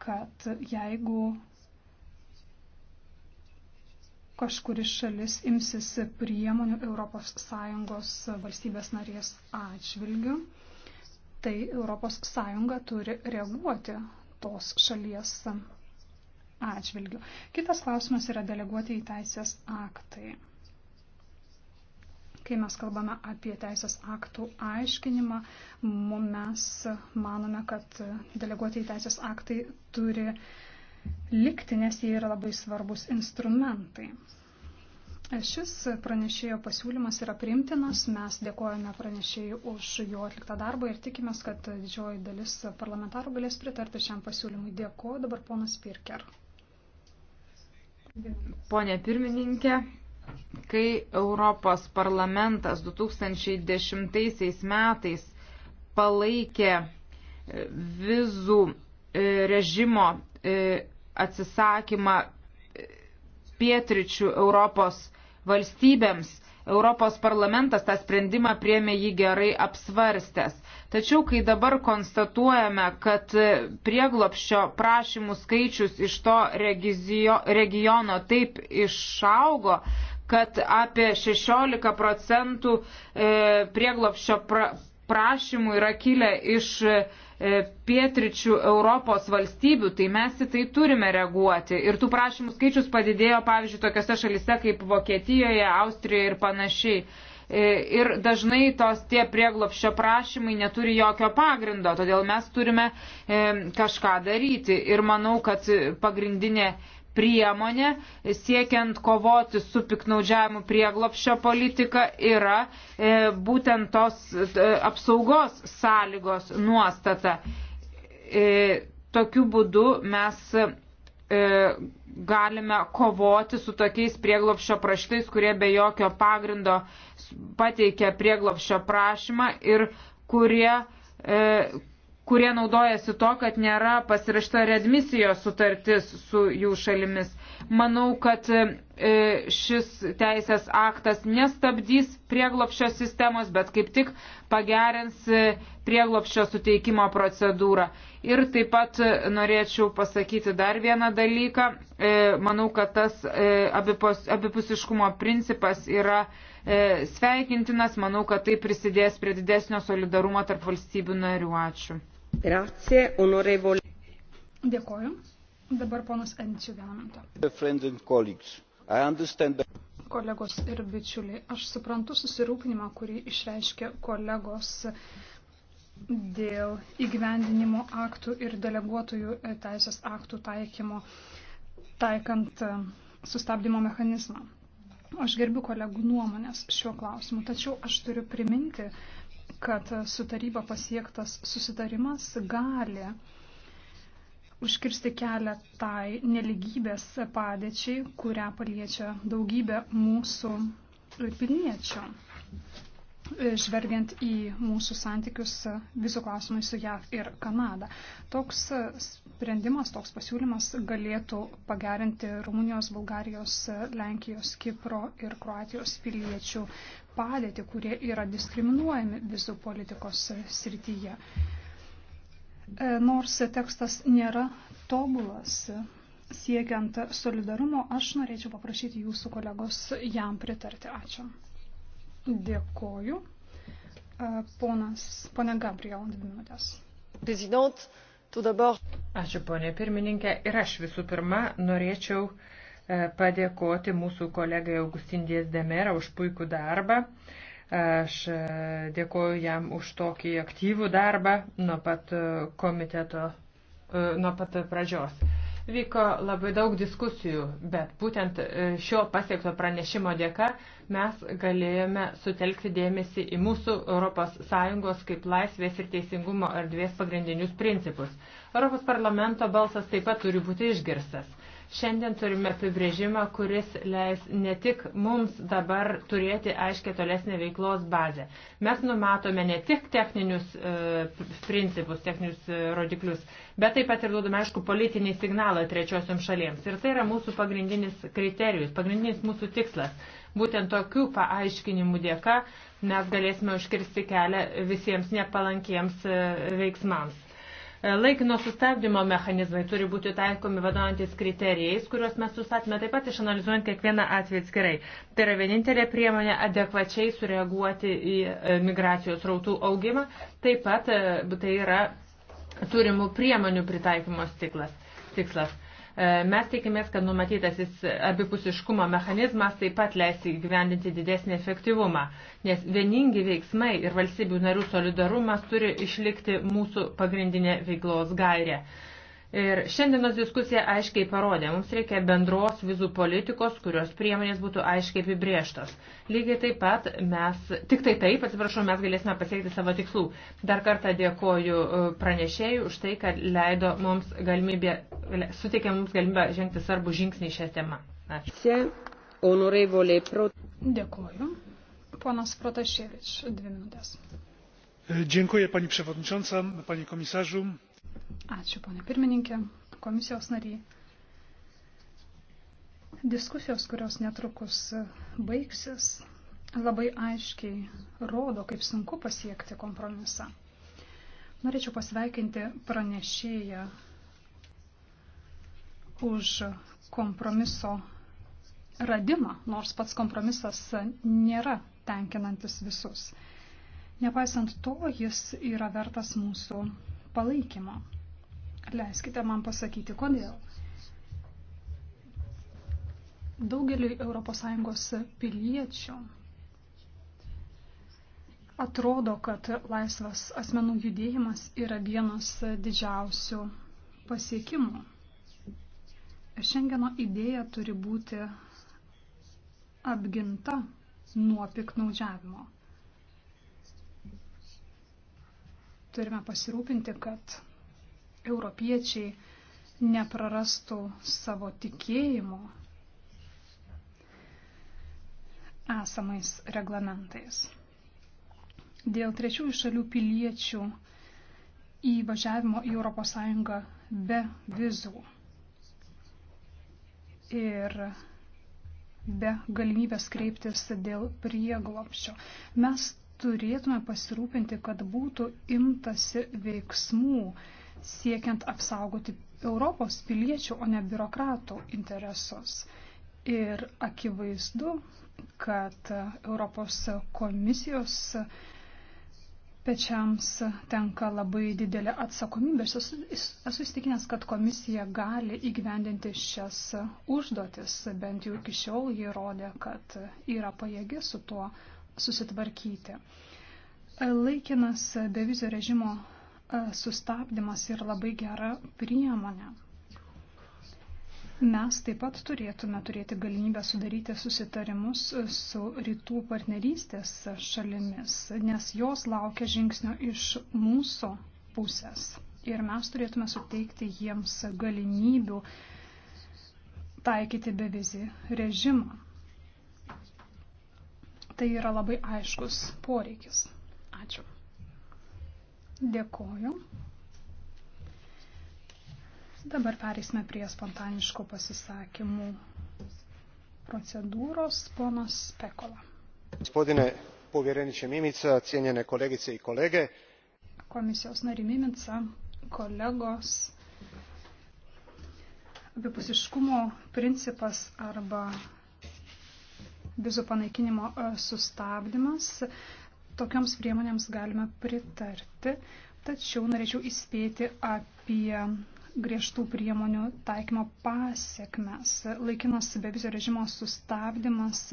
kad jeigu kažkuris šalis imsis priemonių ES valstybės narės atžvilgių, tai ES turi reaguoti tos šalies atžvilgių. Kitas klausimas yra deleguoti į teisės aktai. Kai mes kalbame apie teisės aktų aiškinimą, mes manome, kad deleguoti į teisės aktai turi uh, likti, nes jie yra labai svarbus instrumentai. Šis pranešėjo pasiūlymas yra primtinas, mes dėkojame pranešėjui už jo atliktą darbą ir tikimės, kad didžioji dalis parlamentarų galės pritarti šiam pasiūlymui. Dėkoju dabar ponas Pirker. Pone pirmininkė, kai Europos parlamentas 2010 metais palaikė vizų e, režimo e, atsisakymą pietričių Europos valstybėms, Europos parlamentas tą sprendimą priemė jį gerai apsvarstęs. Tačiau, kai dabar konstatuojame, kad prieglopščio prašymų skaičius iš to regiono taip išaugo, kad apie 16 procentų e, prieglopščio prašymų yra kilę iš E, pietričių Europos valstybių, tai mes į tai turime reaguoti. Ir tų prašymų skaičius padidėjo, pavyzdžiui, tokiose šalise kaip Vokietijoje, Austrijoje ir panašiai. E, ir dažnai tos tie prieglopščio prašymai neturi jokio pagrindo, todėl mes turime e, kažką daryti. Ir manau, kad pagrindinė priemonė siekiant kovoti su piknaudžiavimu prieglopščio politika yra e, būtent tos e, apsaugos sąlygos nuostata. E, tokiu būdu mes e, galime kovoti su tokiais prieglopščio praštais, kurie be jokio pagrindo pateikia prieglopščio prašymą ir kurie e, kurie naudojasi to, kad nėra pasirašta redmisijos sutartis su jų šalimis. Manau, kad e, šis teisės aktas nestabdys prieglopščio sistemos, bet kaip tik pagerins e, prieglopščio suteikimo procedūrą. Ir taip pat e, norėčiau pasakyti dar vieną dalyką. Manau, kad tas abipusiškumo principas yra sveikintinas. Manau, kad tai prisidės prie didesnio solidarumo tarp valstybių narių. Ačiū. Grazie, onorevole. Dėkoju. Dabar ponas Encijų vieną minutę. Kolegos ir bičiuliai, aš suprantu susirūpinimą, kurį išreiškė kolegos dėl įgyvendinimo aktų ir deleguotojų teisės aktų taikymo, taikant e, sustabdymo mechanizmą. Aš gerbiu kolegų nuomonės šiuo klausimu, tačiau aš turiu priminti, kad su taryba pasiektas susitarimas gali užkirsti kelią tai neligybės padėčiai, kurią paliečia daugybė mūsų piliečių. Žvelgiant į mūsų santykius visų klausimai su JAV ir Kanada. Toks sprendimas, toks pasiūlymas galėtų pagerinti Rumunijos, Bulgarijos, Lenkijos, Kipro ir Kroatijos piliečių padėtį, kurie yra diskriminuojami visų politikos srityje. E, nors tekstas nėra tobulas, siekiant solidarumo, aš norėčiau paprašyti jūsų kolegos jam pritarti. Ačiū. Dėkoju. E, ponas, ponė Gabriel, dvi minutės. Prezident, tu dabar. Ačiū, ponė pirmininkė. Ir aš visų pirma norėčiau uh, E, padėkoti mūsų kolegai Augustindės Demera už puikų darbą. E, aš e, dėkoju jam už tokį aktyvų darbą nuo pat komiteto, nuo pat pradžios. Vyko labai daug diskusijų, bet būtent šio pasiekto pranešimo dėka mes galėjome sutelkti dėmesį į mūsų ES kaip laisvės ir teisingumo erdvės pagrindinius principus. ES parlamento balsas taip pat turi būti išgirstas. Šiandien turime apibrėžimą, kuris leis ne tik mums dabar turėti aiškę tolesnę veiklos bazę. Mes numatome ne tik techninius e, principus, techninius e, rodiklius, bet taip pat ir duodame aišku politinį signalą trečiosiam šalėms. Ir tai yra mūsų pagrindinis kriterijus, pagrindinis mūsų tikslas. Būtent tokių paaiškinimų dėka mes galėsime užkirsti kelią visiems nepalankiems e, veiksmams. E, laikino sustabdymo mechanizmai turi būti taikomi vadovantis kriterijais, kuriuos mes susatme taip pat išanalizuojant kiekvieną atvejį atskirai. Tai yra vienintelė priemonė adekvačiai sureaguoti į e, migracijos rautų augimą, taip pat e, tai yra turimų priemonių pritaikymos tiklas. tikslas. E, mes tikimės, kad numatytasis abipusiškumo mechanizmas taip pat leis įgyvendinti didesnį efektyvumą, nes vieningi veiksmai ir valstybių narių solidarumas turi išlikti mūsų pagrindinė veiklos gairė. Ir šiandienos diskusija aiškiai parodė, mums reikia bendros vizų politikos, kurios priemonės būtų aiškiai apibrieštos. Lygiai taip pat mes, tik tai taip, atsiprašau, mes galėsime pasiekti savo tikslų. Dar kartą dėkoju e, pranešėjui už tai, kad leido mums galimybę, suteikė mums galimybę žengti svarbų žingsnį šią temą. Ačiū. Dėkoju. Ponas Protaševič, dvi minutės. Dziękuję pani przewodnicząca, panie komisarzu. Ačiū, ponė pirmininkė, komisijos nariai. Diskusijos, kurios netrukus baigsis, labai aiškiai rodo, kaip sunku pasiekti kompromisą. Norėčiau pasveikinti pranešėją už kompromiso radimą, nors pats kompromisas nėra tenkinantis visus. Nepaisant to, jis yra vertas mūsų palaikymo. Leiskite man pasakyti, kodėl. Daugeliui ES piliečių atrodo, kad laisvas asmenų judėjimas yra vienas didžiausių pasiekimų. Šengeno idėja turi būti apginta nuo piknaudžiavimo. Turime pasirūpinti, kad europiečiai neprarastų savo tikėjimo esamais reglamentais. Dėl trečiųjų šalių piliečių įvažiavimo į ES be vizų ir be galimybės kreiptis dėl prieglopščio. Mes turėtume pasirūpinti, kad būtų imtasi veiksmų, siekiant apsaugoti Europos piliečių, o ne biurokratų interesus. Ir akivaizdu, kad Europos komisijos pečiams tenka labai didelė atsakomybė. Aš esu įstikinęs, kad komisija gali įgyvendinti šias užduotis, bent jau iki šiol jie rodė, kad yra pajėgi su tuo susitvarkyti. Laikinas bevizio režimo E, sustabdymas yra labai gera priemonė. Mes taip pat turėtume turėti galimybę sudaryti susitarimus su rytų partnerystės šalimis, nes jos laukia žingsnio iš mūsų pusės. Ir mes turėtume suteikti jiems galimybių taikyti bevizį režimą. Tai yra labai aiškus poreikis. Ačiū. Dėkoju. Dabar pereisime prie spontaniško pasisakymų procedūros. Ponas Pekola. Gospodine povjereniče Mimica, cijenjene kolegice i kolege. Komisijos nari Mimica, kolegos. Abipusiškumo principas arba vizų panaikinimo e, sustabdymas tokioms priemonėms galime pritarti, tačiau norėčiau įspėti apie griežtų priemonių taikymo pasiekmes. Laikinas bevizio režimo sustabdymas,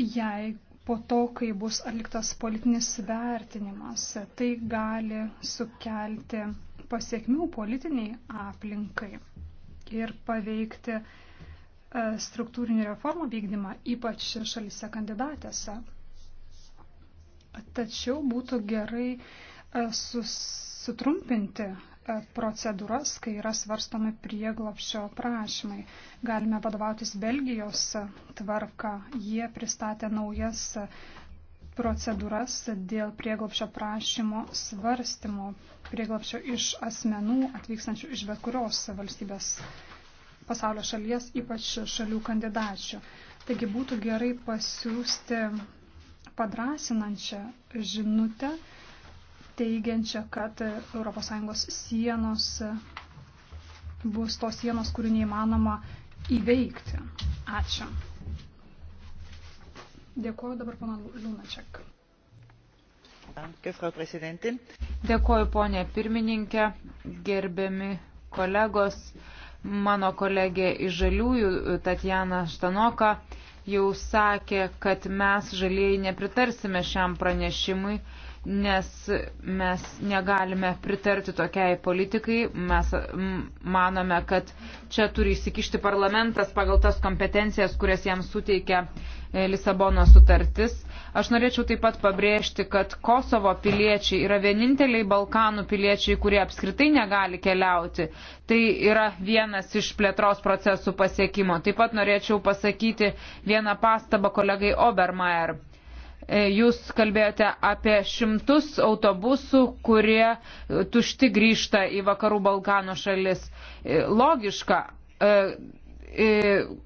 jei po to, kai bus atliktas politinis vertinimas, tai gali sukelti pasiekmių politiniai aplinkai ir paveikti e, struktūrinį reformą vykdymą, ypač šalise kandidatėse. Tačiau būtų gerai e, sutrumpinti e, procedūras, kai yra svarstomi prieglopščio prašymai. Galime vadovautis Belgijos tvarka. Jie pristatė naujas procedūras dėl prieglopščio prašymo svarstymo, prieglopščio iš asmenų atvykstančių iš bet kurios valstybės pasaulio šalies, ypač šalių kandidačių. Taigi būtų gerai pasiūsti padrasinančią žinutę, teigiančią, kad ES sienos bus tos sienos, kurių neįmanoma įveikti. Ačiū. Dėkuoju dabar pana Liūnačiak. Dėkuoju ponė pirmininkė, gerbiami kolegos, mano kolegė iš Žaliųjų Tatjana Štanoka jau sakė, kad mes žalieji nepritarsime šiam pranešimui, nes mes negalime pritarti tokiai politikai. Mes manome, kad čia turi įsikišti parlamentas pagal tas kompetencijas, kurias jam suteikia e, Lisabono sutartis. Aš norėčiau taip pat pabrėžti, kad Kosovo piliečiai yra vieninteliai Balkanų piliečiai, kurie apskritai negali keliauti. Tai yra vienas iš plėtros procesų pasiekimo. Taip pat norėčiau pasakyti vieną pastabą kolegai Obermeier. E, jūs kalbėjote apie šimtus autobusų, kurie e, tušti grįžta į vakarų Balkanų šalis. E, logiška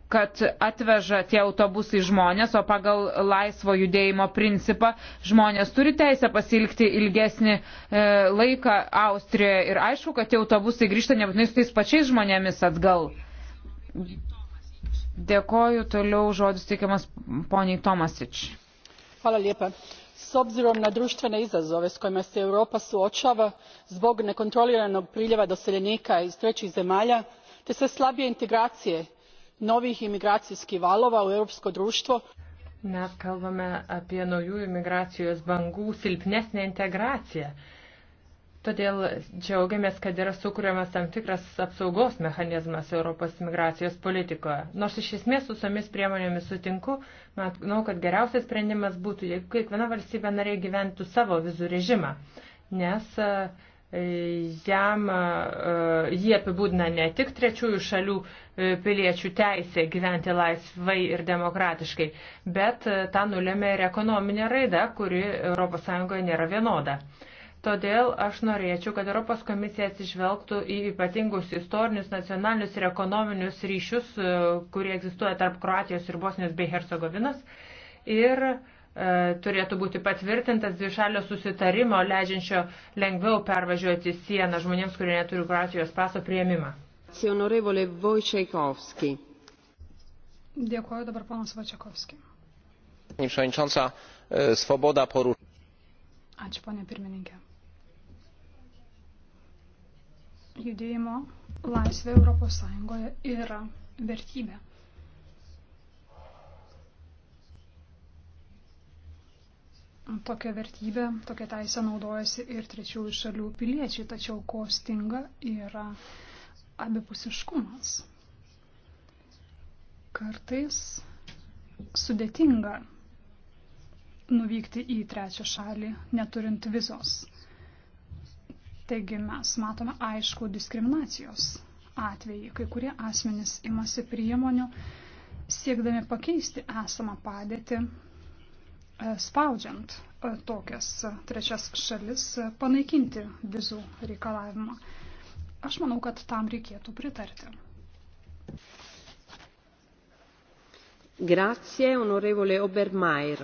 kad atveža tie autobusai žmonės, o pagal laisvo judėjimo principą žmonės turi teisę pasilgti ilgesnį e, laiką Austrijoje ir aišku, kad tie autobusai grįžta nebūtinai su tais pačiais žmonėmis atgal. Dėkoju, toliau žodis teikiamas poniai Tomasič. Hvala lijepa. S obzirom na društvene izazove s kojima se Europa suočava zbog nekontroliranog priljeva doseljenika iz trećih zemalja te sve slabije integracije novih imigracijskih valova u europsko društvo mes kalbame apie naujųjų migracijos bangų silpnesnę integraciją. Todėl džiaugiamės, kad yra sukūriamas tam tikras apsaugos mechanizmas Europos migracijos politikoje. Nors iš esmės su tomis priemonėmis sutinku, manau, kad geriausias sprendimas būtų, jeigu kiekviena valstybė narė gyventų savo vizų režimą, nes uh, jam, e, jį apibūdina ne tik trečiųjų šalių e, piliečių teisė gyventi laisvai ir demokratiškai, bet e, tą nulėmė ir ekonominė raida, kuri ES nėra vienoda. Todėl aš norėčiau, kad Europos komisija atsižvelgtų į ypatingus istorinius, nacionalinius ir ekonominius ryšius, kurie egzistuoja tarp Kroatijos ir Bosnijos bei Hercegovinos. Ir uh, E, turėtų būti patvirtintas dvišalio susitarimo, leidžiančio lengviau pervažiuoti sieną žmonėms, kurie neturi Kroatijos paso prieimimą. Dėkuoju dabar ponas Vačiakovski. E, Ačiū, ponė pirmininkė. Judėjimo laisvė Europos Sąjungoje yra vertybė. Tokia vertybė, tokia teisė naudojasi ir trečiųjų šalių piliečiai, tačiau ko stinga yra abipusiškumas. Kartais sudėtinga nuvykti į trečią šalį, neturint vizos. Taigi mes matome aišku diskriminacijos atvejį. Kai kurie asmenys imasi priemonių siekdami pakeisti esamą padėtį E, spaudžiant e, tokias trečias šalis e, panaikinti vizų reikalavimą. Aš manau, kad tam reikėtų pritarti. Grazie, onorevole Obermeier.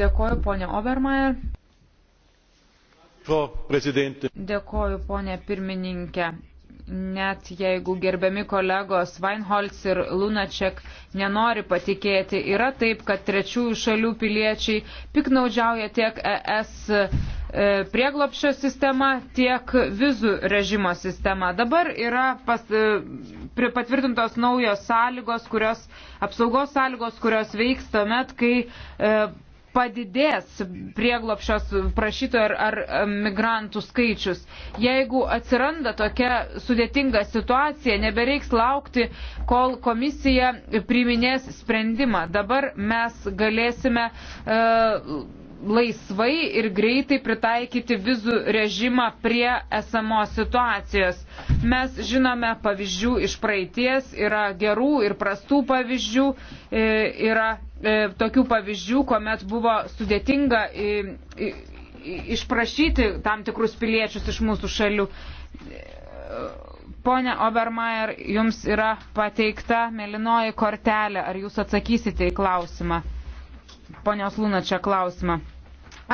Dėkoju, ponė Obermeier. Dėkoju, ponė pirmininkė net jeigu gerbiami kolegos Weinholz ir Lunaček nenori patikėti, yra taip, kad trečiųjų šalių piliečiai piknaudžiauja tiek ES e, prieglopščio sistema, tiek vizų režimo sistema. Dabar yra pas, e, patvirtintos naujos sąlygos, kurios, apsaugos sąlygos, kurios veiks tuomet, kai e, padidės prieglopšios prašytojų ar, ar migrantų skaičius. Jeigu atsiranda tokia sudėtinga situacija, nebereiks laukti, kol komisija priiminės sprendimą. Dabar mes galėsime. Uh, e, laisvai ir greitai pritaikyti vizų režimą prie esamos situacijos. Mes žinome pavyzdžių iš praeities, yra gerų ir prastų pavyzdžių, e, yra E, tokių pavyzdžių, kuomet buvo sudėtinga išprašyti tam tikrus piliečius iš mūsų šalių. Pone Obermeier, jums yra pateikta melinoji kortelė. Ar jūs atsakysite į klausimą? Ponios Lunačiak klausimą.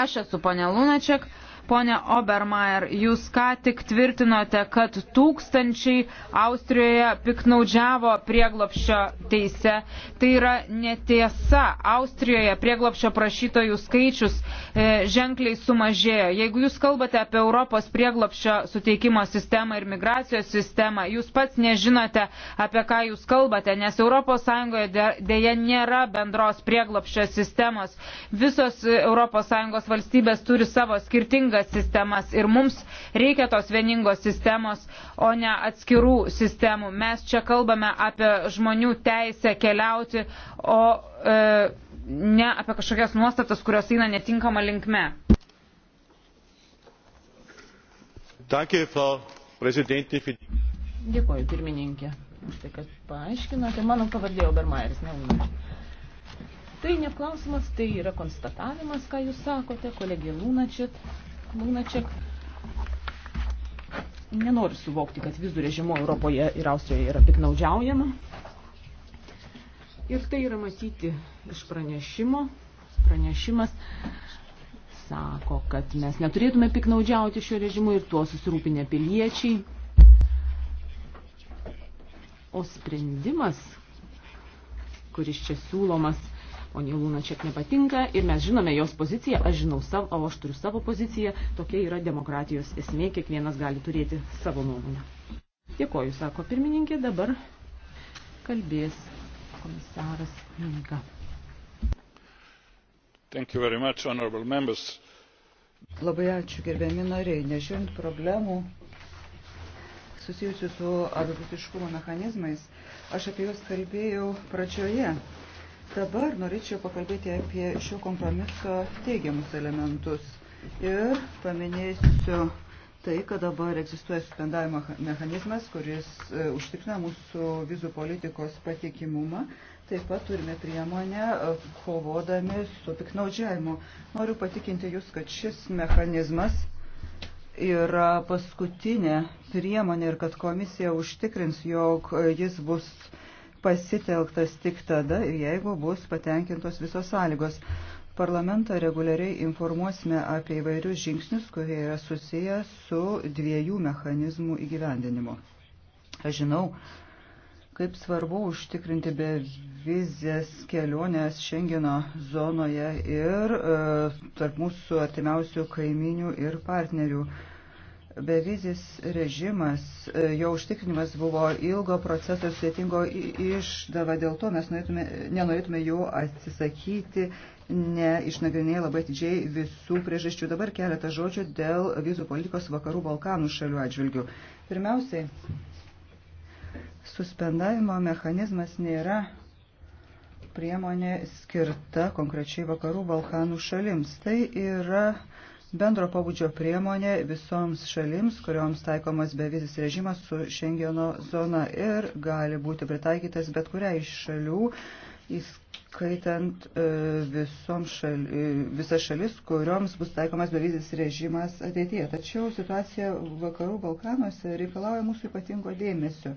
Aš esu ponė Lunačiak. Pone Obermeier, jūs ką tik tvirtinote, kad tūkstančiai Austrijoje piknaudžiavo prieglopščio teise. Tai yra netiesa. Austrijoje prieglopščio prašytojų skaičius e, ženkliai sumažėjo. Jeigu jūs kalbate apie Europos prieglopščio suteikimo sistemą ir migracijos sistemą, jūs pats nežinote, apie ką jūs kalbate, nes ES dėja nėra bendros prieglopščio sistemos. Visos ES valstybės turi savo skirtingą vieningas sistemas ir mums reikia tos vieningos sistemos, o ne atskirų sistemų. Mes čia kalbame apie žmonių teisę keliauti, o e, ne apie kažkokias nuostatas, kurios eina netinkama linkme. Danke, Frau Präsidentin, für die Dėkoju pirmininkė už tai, kad paaiškinote. Mano pavardė Obermaeris, ne Ulmer. Tai ne klausimas, tai yra konstatavimas, ką jūs sakote, kolegė Lunačit. Lunaček nenori suvokti, kad vizų režimo Europoje ir Austrijoje yra piknaudžiaujama. Ir tai yra matyti iš pranešimo. Pranešimas sako, kad mes neturėtume piknaudžiauti šio režimu ir tuo susirūpinę piliečiai. O sprendimas, kuris čia siūlomas, Pone Lunačiak nepatinka ir mes žinome jos poziciją, aš žinau savo, o aš turiu savo poziciją. Tokia yra demokratijos esmė, kiekvienas gali turėti savo nuomonę. Dėkoju, sako pirmininkė, dabar kalbės komisaras Minka. Thank you very much, honorable members. Labai ačiū, gerbiami nariai. Nežiūrint problemų susijusių su abipusiškumo mechanizmais, aš apie juos kalbėjau pradžioje Dabar norėčiau pakalbėti apie šio kompromiso teigiamus elementus ir paminėsiu tai, kad dabar egzistuoja suspendavimo mechanizmas, kuris e, užtikrina mūsų vizų politikos patikimumą. Taip pat turime priemonę e, kovodami su piknaudžiavimu. Noriu patikinti Jūs, kad šis mechanizmas yra paskutinė priemonė ir kad komisija užtikrins, jog e, jis bus pasitelktas tik tada, jeigu bus patenkintos visos sąlygos. Parlamentą reguliariai informuosime apie įvairius žingsnius, kurie yra susiję su dviejų mechanizmų įgyvendinimu. Aš žinau, kaip svarbu užtikrinti be vizės kelionės Šengeno zonoje ir e, tarp mūsų artimiausių kaiminių ir partnerių. E, Bevizis režimas, e, jo užtikrinimas buvo ilgo proceso sėtingo išdava, dėl to mes norėtume, nenorėtume jo atsisakyti, neišnagrinėję labai atidžiai visų priežasčių. Dabar keletą žodžių dėl vizų politikos vakarų Balkanų šalių atžvilgių. Pirmiausiai, suspendavimo mechanizmas nėra priemonė skirta konkrečiai vakarų Balkanų šalims. Tai yra bendro pabudžio priemonė visoms šalims, kurioms taikomas bevizis režimas su Šengeno zona ir gali būti pritaikytas bet kuriai iš šalių, įskaitant e, šal, e, visas šalis, kurioms bus taikomas bevizis režimas ateityje. Tačiau situacija vakarų Balkanuose reikalauja mūsų ypatingo dėmesio.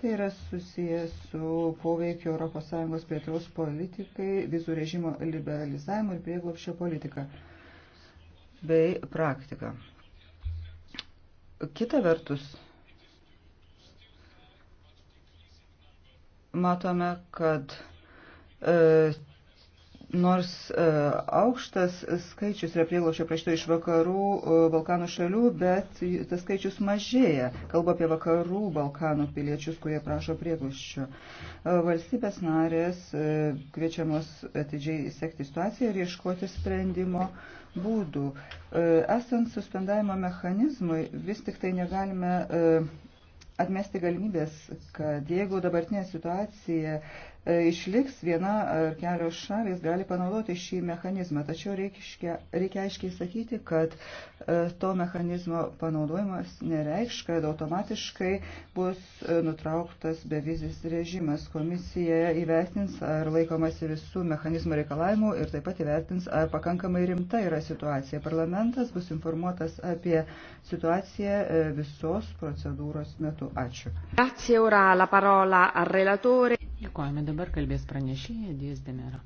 Tai yra susijęs su poveikiu ES plėtros politikai, vizų režimo liberalizavimu ir prieglopščio politika bei praktiką. Kita vertus, matome, kad e, nors e, aukštas skaičius yra prieglošio prašyto iš vakarų e, Balkanų šalių, bet tas skaičius mažėja. Kalbu apie vakarų Balkanų piliečius, kurie prašo prieglošio. E, valstybės narės e, kviečiamos atidžiai sekti situaciją ir ieškoti sprendimo. E, būdų. E, esant suspendavimo mechanizmui, vis tik tai negalime e, atmesti galimybės, kad jeigu dabartinė situacija E, išliks viena ar kelios šalis gali panaudoti šį mechanizmą, tačiau reikia, reikia aiškiai sakyti, kad e, to mechanizmo panaudojimas nereikš, kad automatiškai bus e, nutrauktas bevizis režimas. Komisija įvertins, ar laikomasi visų mechanizmo reikalavimų ir taip pat įvertins, ar pakankamai rimta yra situacija. Parlamentas bus informuotas apie situaciją visos procedūros metu. Ačiū. Grazie, ora la parola al relatore. Dėkojame dabar, kalbės pranešėja Dijas Demera.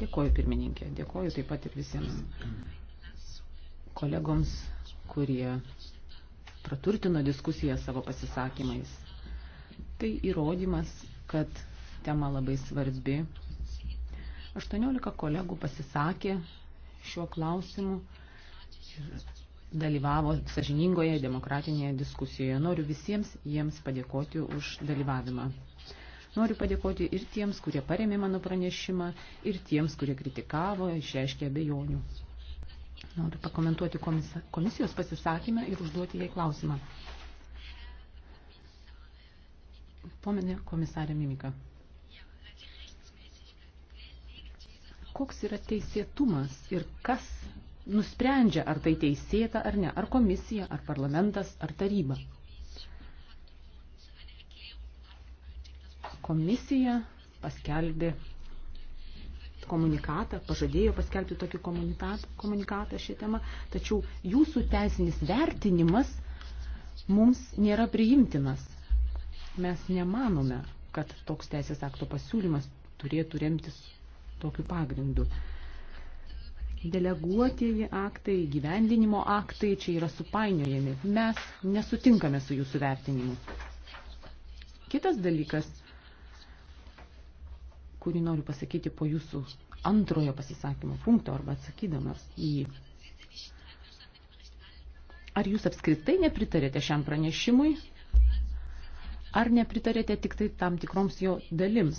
Dėkoju pirmininkė, dėkoju taip pat ir visiems kolegoms, kurie praturtino diskusiją savo pasisakymais. Tai įrodymas, kad tema labai svarbi. 18 kolegų pasisakė šiuo klausimu ir dalyvavo sažiningoje demokratinėje diskusijoje. Noriu visiems jiems padėkoti už dalyvavimą. Noriu padėkoti ir tiems, kurie paremė mano pranešimą, ir tiems, kurie kritikavo, išreiškė abejonių. Noriu pakomentuoti komisijos pasisakymą ir užduoti jai klausimą. Pomenė komisarė Mimika. koks yra teisėtumas ir kas nusprendžia, ar tai teisėta ar ne, ar komisija, ar parlamentas, ar taryba. Komisija paskelbė komunikatą, pažadėjo paskelbti tokį komunikatą šią temą, tačiau jūsų teisinis vertinimas mums nėra priimtinas. Mes nemanome, kad toks teisės akto pasiūlymas turėtų remtis tokiu pagrindu. Deleguotieji aktai, gyvendinimo aktai čia yra supainiojami. Mes nesutinkame su jūsų vertinimu. Kitas dalykas, kurį noriu pasakyti po jūsų antrojo pasisakymo punkto arba atsakydamas į jį. Ar jūs apskritai nepritarėte šiam pranešimui, ar nepritarėte tik tai tam tikroms jo dalims?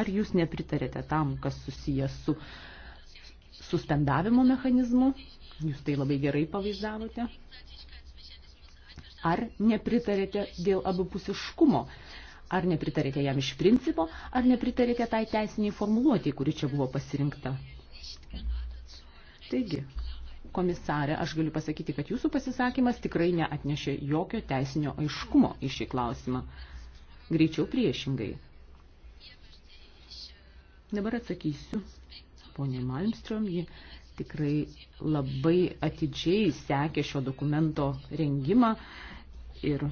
Ar jūs nepritarėte tam, kas susijęs su suspendavimo mechanizmu? Jūs tai labai gerai pavaizdavote. Ar nepritarėte dėl abipusiškumo? Ar nepritarėte jam iš principo, ar nepritarėte tai teisiniai formuluotėjai, kuri čia buvo pasirinkta? Taigi, komisarė, aš galiu pasakyti, kad jūsų pasisakymas tikrai neatnešė jokio teisinio aiškumo į šį klausimą. Greičiau priešingai. Dabar atsakysiu poniai Malmström, ji tikrai labai atidžiai sekė šio dokumento rengimą ir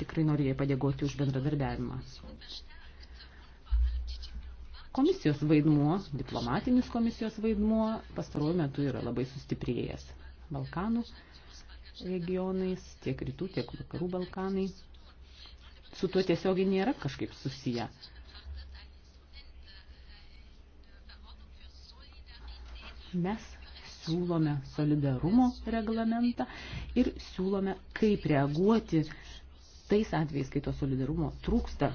tikrai noriu jai padėkoti už bendradarbiavimą. Komisijos vaidmuo, diplomatinis komisijos vaidmuo pastaruoju metu yra labai sustiprėjęs. Balkanų regionais, tiek rytų, tiek vakarų Balkanai. Su tuo tiesiogiai nėra kažkaip susiję. Mes siūlome solidarumo reglamentą ir siūlome, kaip reaguoti tais atvejais, kai to solidarumo trūksta.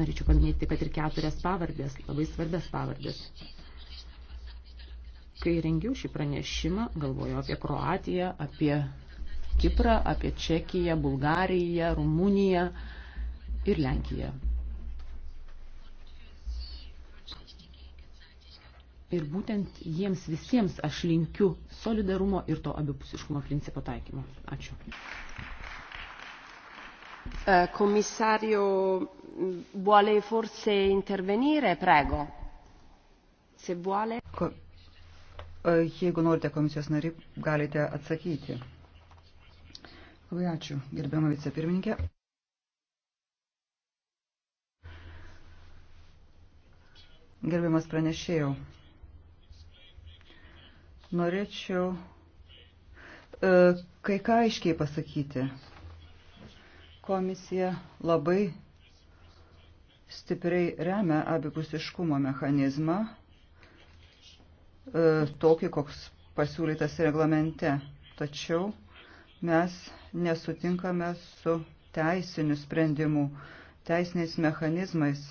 Norėčiau paminėti, kad ir keturias pavardės, labai svarbės pavardės. Kai rengiau šį pranešimą, galvojau apie Kroatiją, apie Kiprą, apie Čekiją, Bulgariją, Rumuniją ir Lenkiją. Ir būtent jiems visiems aš linkiu solidarumo ir to abipusiškumo principo taikymo. Ačiū. Komisario, eh, mm, vuole forse intervenire? Prego. Se vuole. Ko, eh, jeigu norite komisijos nari, galite atsakyti. Labai ačiū, gerbiama vicepirmininkė. Gerbiamas pranešėjau. Norėčiau e, kai ką aiškiai pasakyti. Komisija labai stipriai remia abipusiškumo mechanizmą, e, tokį, koks pasiūlytas reglamente. Tačiau mes nesutinkame su teisiniu sprendimu, teisiniais mechanizmais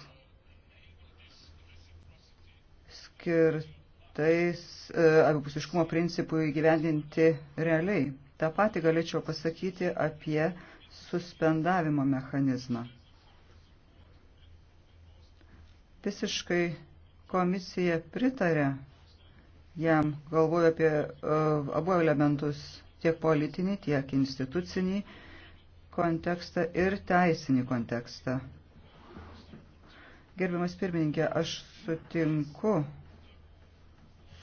skirt tais e, abipusiškumo principų įgyvendinti realiai. Ta pati galėčiau pasakyti apie suspendavimo mechanizmą. Visiškai komisija pritarė jam, galvoju apie uh, abu elementus, tiek politinį, tiek institucinį kontekstą ir teisinį kontekstą. Gerbiamas pirmininkė, aš sutinku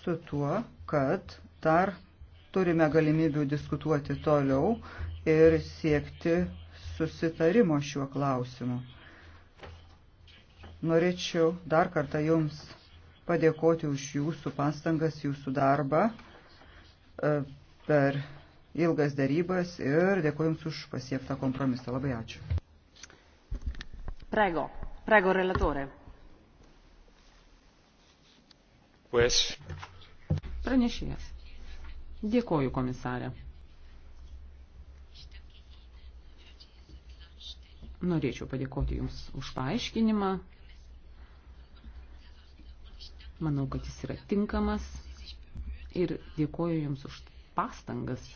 su tuo, kad dar turime galimybių diskutuoti toliau ir siekti susitarimo šiuo klausimu. Norėčiau dar kartą Jums padėkoti už Jūsų pastangas, Jūsų darbą e, per ilgas darybas ir dėkoju Jums už pasiektą kompromisą. Labai ačiū. Prego, prego relatore. Pues. Pranešėjas. Dėkoju, komisarė. Norėčiau padėkoti Jums už paaiškinimą. Manau, kad jis yra tinkamas ir dėkoju Jums už pastangas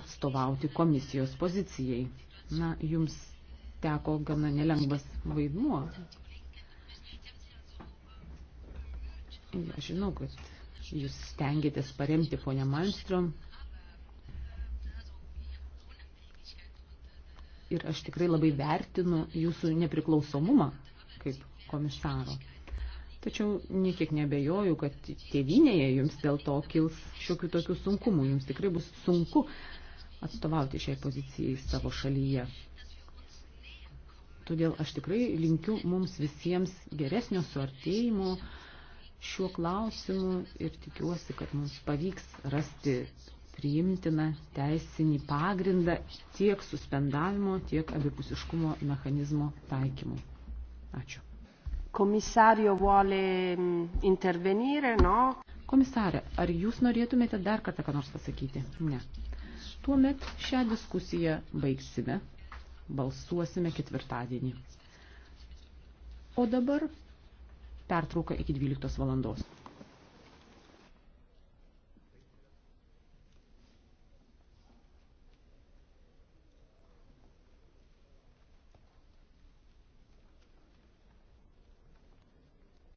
atstovauti komisijos pozicijai. Na, Jums teko gana nelengvas vaidmuo, Ja, žinau, kad jūs stengiatės paremti ponę Malmström. Ir aš tikrai labai vertinu jūsų nepriklausomumą kaip komisaro. Tačiau niekiek nebejoju, kad tėvinėje jums dėl to kils šiokių tokių sunkumų. Jums tikrai bus sunku atstovauti šiai pozicijai savo šalyje. Todėl aš tikrai linkiu mums visiems geresnio suartėjimo, uh, šiuo klausimu ir tikiuosi, kad mums pavyks rasti priimtiną teisinį pagrindą tiek suspendavimo, tiek abipusiškumo mechanizmo taikymų. Ačiū. Komisario vuole mm, intervenire, no? Komisarė, ar jūs norėtumėte dar kartą ką nors pasakyti? Ne. Tuomet šią diskusiją baigsime. Balsuosime ketvirtadienį. O dabar pertrauka iki 12 valandos.